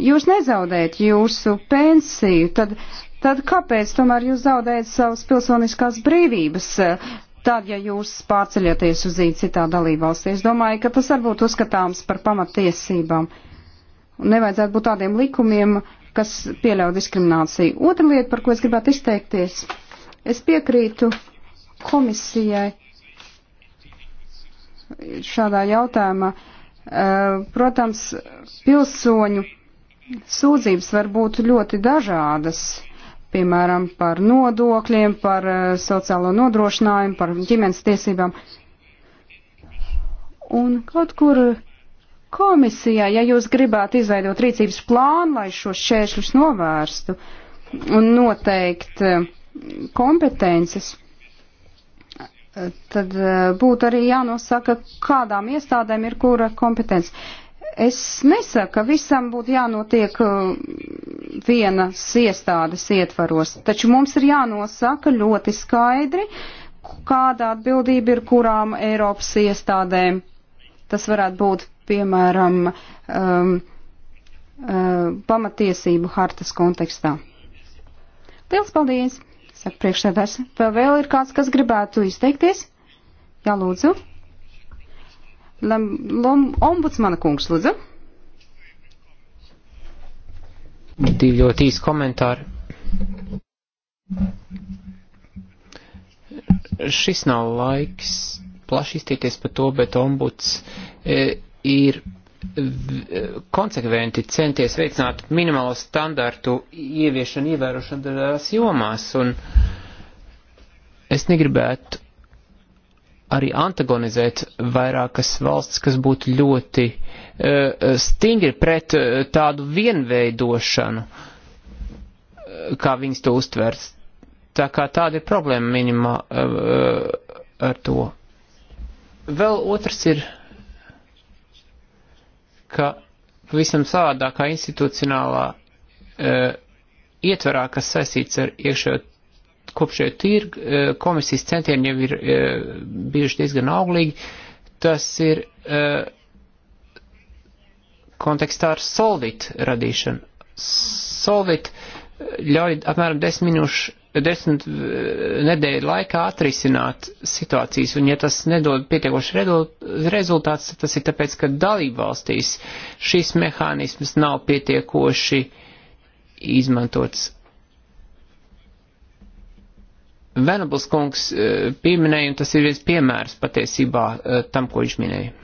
Jūs nezaudējat jūsu pensiju, tad, tad kāpēc tomēr jūs zaudējat savas pilsoniskās brīvības, uh, tad, ja jūs pārceļaties uz īt citā dalību valstī? Es domāju, ka tas varbūt uzskatāms par pamatiesībām. Un nevajadzētu būt tādiem likumiem, uh, kas pieļauj diskrimināciju. Otra lieta, par ko es gribētu izteikties, es piekrītu komisijai šādā jautājumā. Eh, protams, pilsoņu sūdzības var būt ļoti dažādas, piemēram, par nodokļiem, par eh, sociālo nodrošinājumu, par ģimenes tiesībām. Un kaut kur Komisijā, ja jūs gribētu izveidot rīcības plānu, lai šos šķēršļus novērstu un noteikt eh, kompetences, tad eh, būtu arī jānosaka, kādām iestādēm ir kura kompetence. Es nesaku, ka visam būtu jānotiek eh, vienas iestādes ietvaros, taču mums ir jānosaka ļoti skaidri, kāda atbildība ir kurām Eiropas iestādēm. Tas varētu būt piemēram, um, um, pamatiesību hartas kontekstā. Liels paldies! Saka priekšsēdājs. Vēl, vēl ir kāds, kas gribētu izteikties? Jā, lūdzu. Lem, lom, ombudsmana kungs, lūdzu. Divi ļoti īsi komentāri. Šis nav laiks plaši izteikties par to, bet ombuds e, ir konsekventi centies veicināt minimālo standartu ieviešanu, ievērošanu dažādās jomās, un es negribētu arī antagonizēt vairākas valsts, kas būtu ļoti uh, stingri pret uh, tādu vienveidošanu, uh, kā viņas to uztvers. Tā kā tāda ir problēma minimā uh, ar to. Vēl otrs ir. Uh, ka pavisam savādākā institucionālā e, ietverā, kas saistīts ar iekšējo kopšējo tirgu, e, komisijas centieni jau ir e, bijuši diezgan auglīgi, tas ir e, kontekstā ar solvit radīšanu. Solvit ļauj apmēram 10 minūšu desmit eh, nedēļu laikā atrisināt situācijas, un ja tas nedod pietiekoši rezultāts, tas ir tāpēc, ka dalību valstīs šis mehānisms nav pietiekoši izmantots. Venables kungs eh, pieminēja, un tas ir viens piemērs patiesībā eh, tam, ko viņš minēja.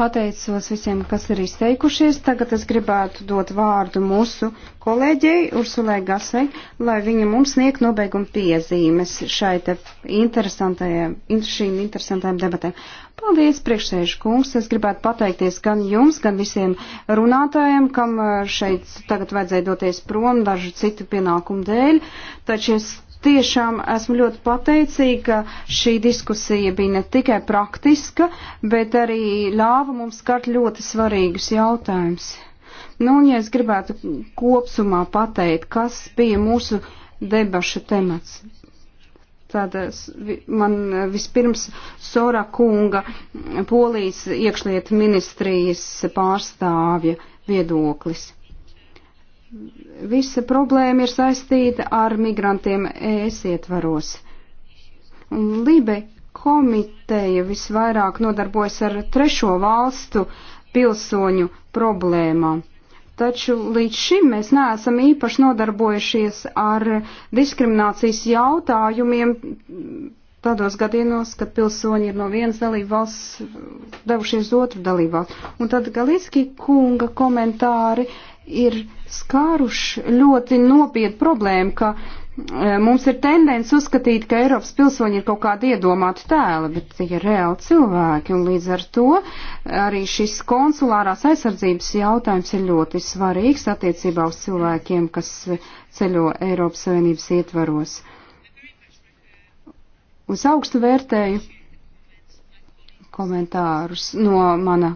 Pateicos visiem, kas ir izteikušies. Tagad es gribētu dot vārdu mūsu kolēģei Ursulai Gasai, lai viņa mums sniegt nobeiguma piezīmes šai te interesantajām, šīm interesantajām debatēm. Paldies, priekšsēžu kungs. Es gribētu pateikties gan jums, gan visiem runātājiem, kam eh, šeit tagad vajadzēja doties prom dažu citu pienākumu dēļ. Taču es tiešām esmu ļoti pateicīga, ka šī diskusija bija ne tikai praktiska, bet arī ļāva mums skart ļoti svarīgus jautājumus. Nu, un ja es gribētu kopsumā pateikt, kas bija mūsu debašu temats. Tad man vispirms Sora kunga, polijas iekšliet ministrijas pārstāvja viedoklis visa problēma ir saistīta ar migrantiem ES ietvaros. Un Libe komiteja visvairāk nodarbojas ar trešo valstu pilsoņu problēmām. Taču līdz šim mēs neesam īpaši nodarbojušies ar diskriminācijas jautājumiem tādos gadījumos, kad pilsoņi ir no vienas dalībvalsts devušies uz otru dalībvalstu. Un tad Galiski kunga komentāri uh, ir skāruši ļoti nopietnu problēmu, ka e, mums ir tendence uzskatīt, ka Eiropas pilsoņi ir kaut kādi iedomāti tēli, bet tie ir reāli cilvēki, un līdz ar to arī šis konsulārās aizsardzības jautājums ir ļoti svarīgs attiecībā uz cilvēkiem, kas ceļo Eiropas Savienības ietvaros. Uz augstu vērtēju komentārus no mana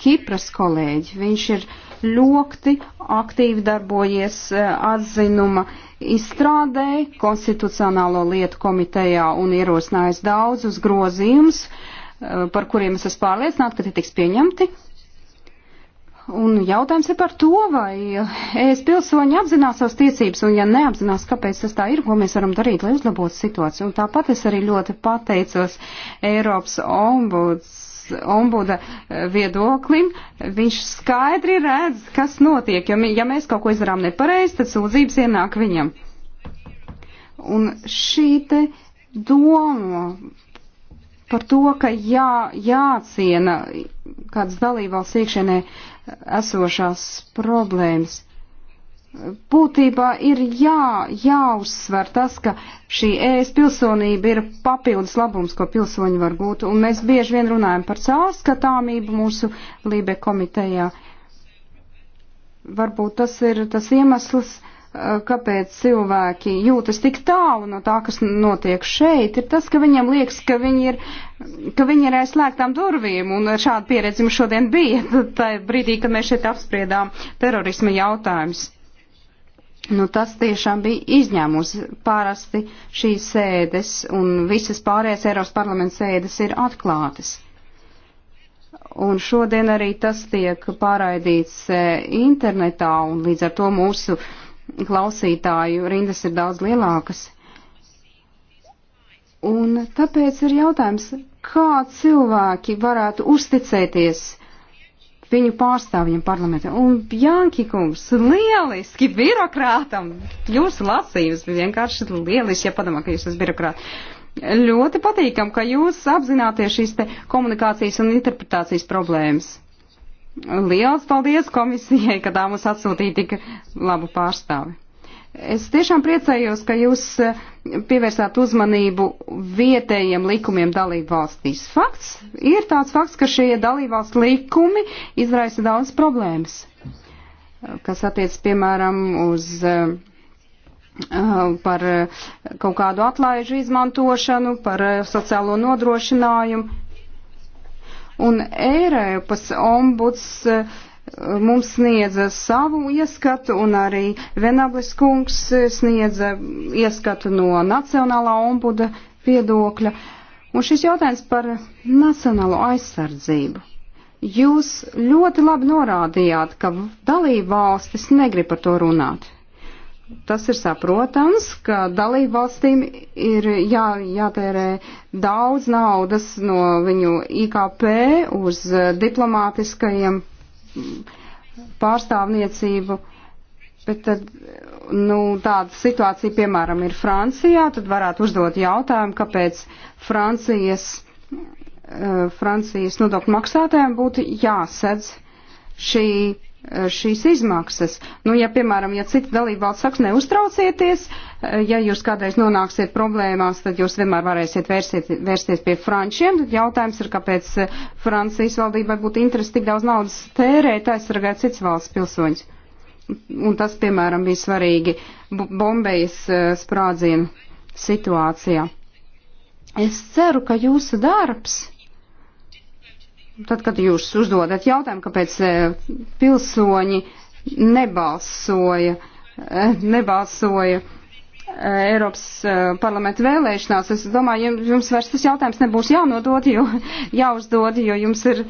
Kipras kolēģi. Viņš ir uh, ļoti aktīvi darbojies eh, atzinuma izstrādē Konstitucionālo lietu komitejā un ierosinājis daudzus grozījumus, eh, par kuriem es esmu pārliecināta, ka tie tiks pieņemti. Un jautājums ir par to, vai es pilsoņi apzinās savas tiesības, un ja neapzinās, kāpēc tas tā ir, ko mēs varam darīt, lai uzlabotu situāciju. Un tāpat es arī ļoti pateicos Eiropas ombuds ombuda eh, viedoklim, viņš skaidri redz, kas notiek, jo, ja mēs kaut ko izdarām nepareizi, tad sūdzības ienāk viņam. Un šī te doma par to, ka jā, jāciena kādas dalībvalsts iekšienē esošās problēmas būtībā ir jā, jāuzsver tas, ka šī ēs pilsonība ir papildus labums, ko pilsoņi var gūt, un mēs bieži vien runājam par caurskatāmību mūsu Lībe komitejā. Varbūt tas ir tas iemesls, eh, kāpēc cilvēki jūtas tik tālu no tā, kas notiek šeit, ir tas, ka viņiem liekas, ka viņi ir, ka viņi ir aizslēgtām durvīm, un šāda pieredze mums šodien bija, tā brīdī, kad mēs šeit apspriedām terorisma jautājumus Nu, tas tiešām bija izņēmums. Parasti šīs sēdes un visas pārējās Eiropas parlamenta sēdes ir atklātas. Un šodien arī tas tiek pārraidīts e, internetā, un līdz ar to mūsu klausītāju rindas ir daudz lielākas. Un tāpēc ir jautājums, kā cilvēki varētu uzticēties viņu pārstāvjiem parlamentā. Un Bjanki kungs, lieliski birokrātam! Jūsu lasījums bija vienkārši lieliski, ja padomā, ka jūs esat birokrāti. Ļoti patīkam, ka jūs apzināties šīs te komunikācijas un interpretācijas problēmas. Liels paldies komisijai, ka tā mums atsūtīja tik labu pārstāvi. Es tiešām priecājos, ka jūs eh, pievērsāt uzmanību vietējiem likumiem dalību valstīs. Fakts ir tāds fakts, ka šie dalību valsts likumi izraisa daudz problēmas, eh, kas attiec, piemēram, uz eh, par kaut kādu atlaižu izmantošanu, par sociālo nodrošinājumu. Un Eiropas ombuds uh, mums sniedza savu ieskatu, un arī Venablis kungs sniedza ieskatu no Nacionālā ombuda viedokļa. Un šis jautājums par nacionālo aizsardzību. Jūs ļoti labi norādījāt, ka dalība valstis negrib par to runāt. Tas ir saprotams, ka dalību valstīm ir jā, jātērē daudz naudas no viņu IKP uz diplomātiskajiem pārstāvniecību. Bet tad, nu, tāda situācija, piemēram, ir Francijā, tad varētu uzdot jautājumu, kāpēc Francijas, eh, Francijas nodokļu maksātājiem būtu jāsedz šī Eh, šīs izmaksas. Nu, ja, piemēram, ja cita dalībvalsts saka, neuztraucieties, eh, ja jūs kādreiz nonāksiet problēmās, tad jūs vienmēr varēsiet vērsiet, vērsties pie frančiem. Tad jautājums ir, kāpēc eh, Francijas valdībai būtu interesi tik daudz naudas tērēt, aizsargāt cits valsts pilsoņus. Un tas, piemēram, bija svarīgi Bombejas sprādzienu situācijā. Es ceru, ka jūsu darbs tad, kad jūs uzdodat jautājumu, kāpēc e, pilsoņi nebalsoja, e, nebalsoja e, Eiropas parlamenta vēlēšanās, es domāju, jums vairs tas jautājums nebūs jānodod, jo jāuzdod, jo jums ir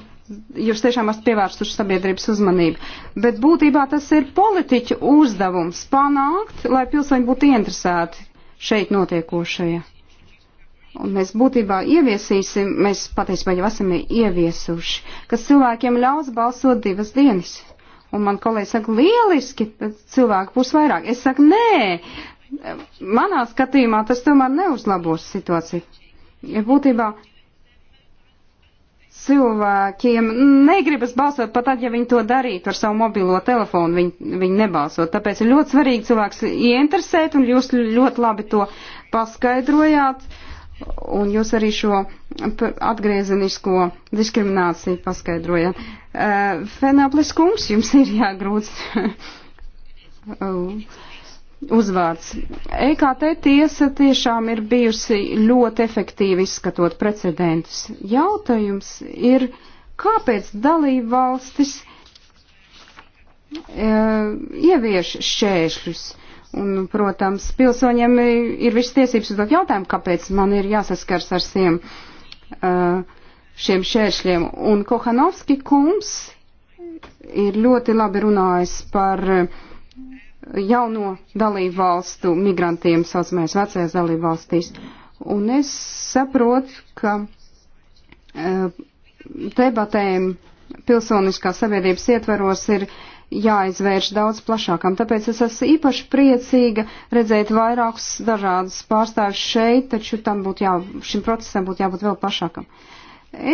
jūs tiešām esat pievērstuši sabiedrības uzmanību. Bet būtībā tas ir politiķu uzdevums panākt, lai pilsoņi būtu interesēti šeit notiekošajā. Un mēs būtībā ieviesīsim, mēs patiesībā jau esam ieviesuši, kas cilvēkiem ļaus balsot divas dienas. Un man kolēģi saka, lieliski, cilvēku būs vairāk. Es saku, nē, manā skatījumā tas tomēr neuzlabos situāciju. Ja būtībā cilvēkiem negribas balsot pat tad, ja viņi to darītu ar savu mobilo telefonu, viņi, viņi nebalsot. Tāpēc ir ļoti svarīgi cilvēks ieinteresēt, un jūs ļoti labi to paskaidrojāt. Uh, un jūs arī šo atgriezenisko diskrimināciju paskaidrojat. Fenaplis kungs, jums ir jāgrūts uzvārds. EKT tiesa tiešām ir bijusi ļoti efektīvi izskatot precedentus. Jautājums ir, kāpēc dalība valstis ievieš šķēršļus? Un, protams, pilsoņiem ir visas tiesības uzdot jautājumu, kāpēc man ir jāsaskars ar šiem, uh, šiem šēršļiem. Un Kohanovski kungs ir ļoti labi runājis par uh, jauno dalību valstu migrantiem, saucamais vecajās dalību valstīs. Un es saprotu, ka uh, debatēm pilsoniskās sabiedrības ietveros ir uh, jāizvērš daudz plašākam. Tāpēc es esmu īpaši priecīga redzēt vairākus dažādus pārstāvjus šeit, taču tam būtu jā, šim procesam būtu jābūt vēl plašākam.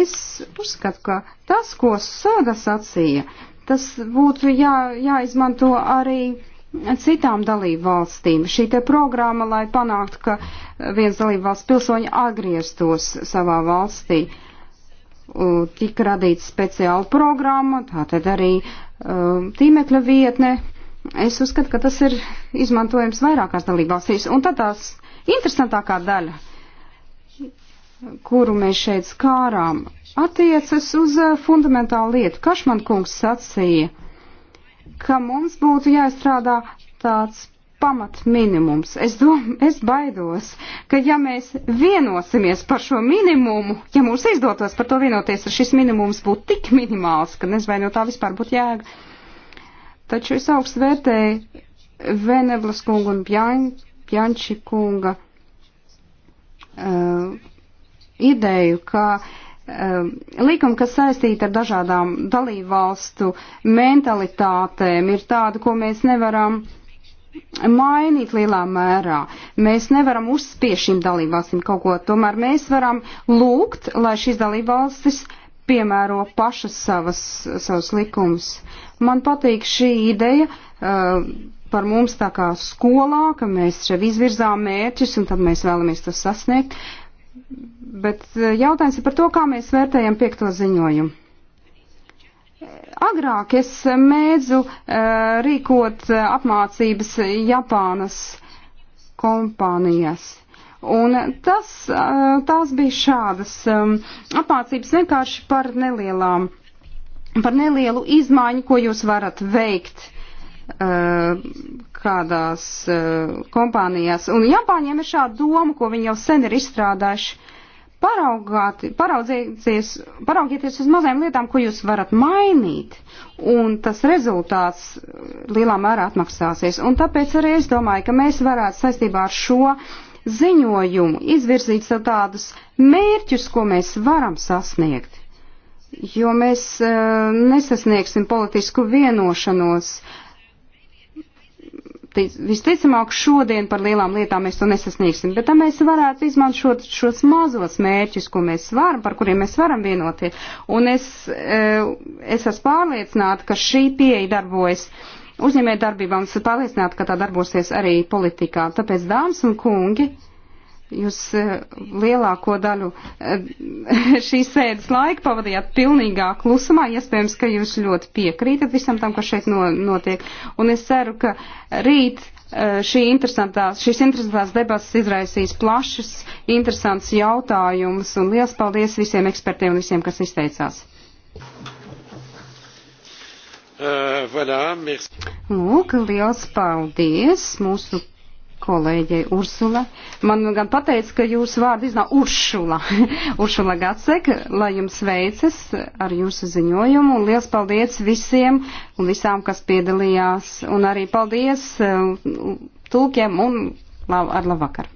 Es uzskatu, ka tas, ko Sāga sacīja, tas būtu jā, jāizmanto arī citām dalību valstīm. Šī te programma, lai panāktu, ka viens dalību valsts pilsoņi atgrieztos savā valstī. Uh, tika radīta speciāla programma, tātad arī um, tīmekļa vietne. Es uzskatu, ka tas ir izmantojams vairākās dalībvalstīs. Un tad tās interesantākā daļa, kuru mēs šeit skārām, attiecas uz e, fundamentālu lietu. Kašman kungs sacīja, ka mums būtu jāizstrādā tāds pamat minimums. Es, dom, es baidos, ka ja mēs vienosimies par šo minimumu, ja mums izdotos par to vienoties, tad šis minimums būtu tik minimāls, ka nezinu, vai no tā vispār būtu jēga. Taču es augstu vērtēju Veneblas kunga un Bjan, Bjanči kunga uh, ideju, ka uh, Līkuma, kas saistīta ar dažādām dalībvalstu mentalitātēm, ir tāda, ko mēs nevaram uh, mainīt lielā mērā. Mēs nevaram uzspiešīt šīm dalībvalstīm kaut ko, tomēr mēs varam lūgt, lai šīs dalībvalstis piemēro pašas savas, savas likumus. Man patīk šī ideja uh, par mums tā kā skolā, ka mēs šeit izvirzām mērķus un tad mēs vēlamies to sasniegt. Bet uh, jautājums ir par to, kā mēs vērtējam piekto ziņojumu. Agrāk es mēdzu uh, rīkot eh, apmācības Japānas kompānijas. Un tas, uh, tās bija šādas um, apmācības vienkārši par nelielām, par nelielu izmaiņu, ko jūs varat veikt uh, kādās kompānijās. Un Japāņiem ir šāda doma, ko viņi jau sen ir izstrādājuši paraugieties uz mazajām lietām, ko jūs varat mainīt, un tas rezultāts lielā mērā atmaksāsies. Un tāpēc arī es domāju, ka mēs varētu saistībā ar šo ziņojumu izvirzīt sev tādus mērķus, ko mēs varam sasniegt. Jo mēs uh, nesasniegsim politisku vienošanos uh, tic, visticamāk šodien par lielām lietām mēs to nesasniegsim, bet tā mēs varētu izmantot šos mazos mērķus, ko mēs varam, par kuriem mēs varam vienoties. Un es, e, es esmu pārliecināta, ka šī pieeja darbojas uzņēmē darbībā un esmu pārliecināta, ka tā darbosies arī politikā. Tāpēc, dāmas un kungi, Jūs e, lielāko daļu e, šīs sēdes laika pavadījāt pilnīgā klusumā, iespējams, ka jūs ļoti piekrītat visam tam, kas šeit notiek. Un es ceru, ka rīt e, šī interesantās, šīs interesantās debatas izraisīs plašas, interesants jautājumus, un liels paldies visiem ekspertiem un visiem, kas izteicās. Uh, voilà, merci. Lūk, liels paldies mūsu kolēģei Ursula. Man gan pateica, ka jūsu vārdu iznāk Uršula. Uršula Gacek, lai jums veicas ar jūsu ziņojumu un liels paldies visiem un visām, kas piedalījās. Un arī paldies uh, tulkiem un lab, ar labvakar.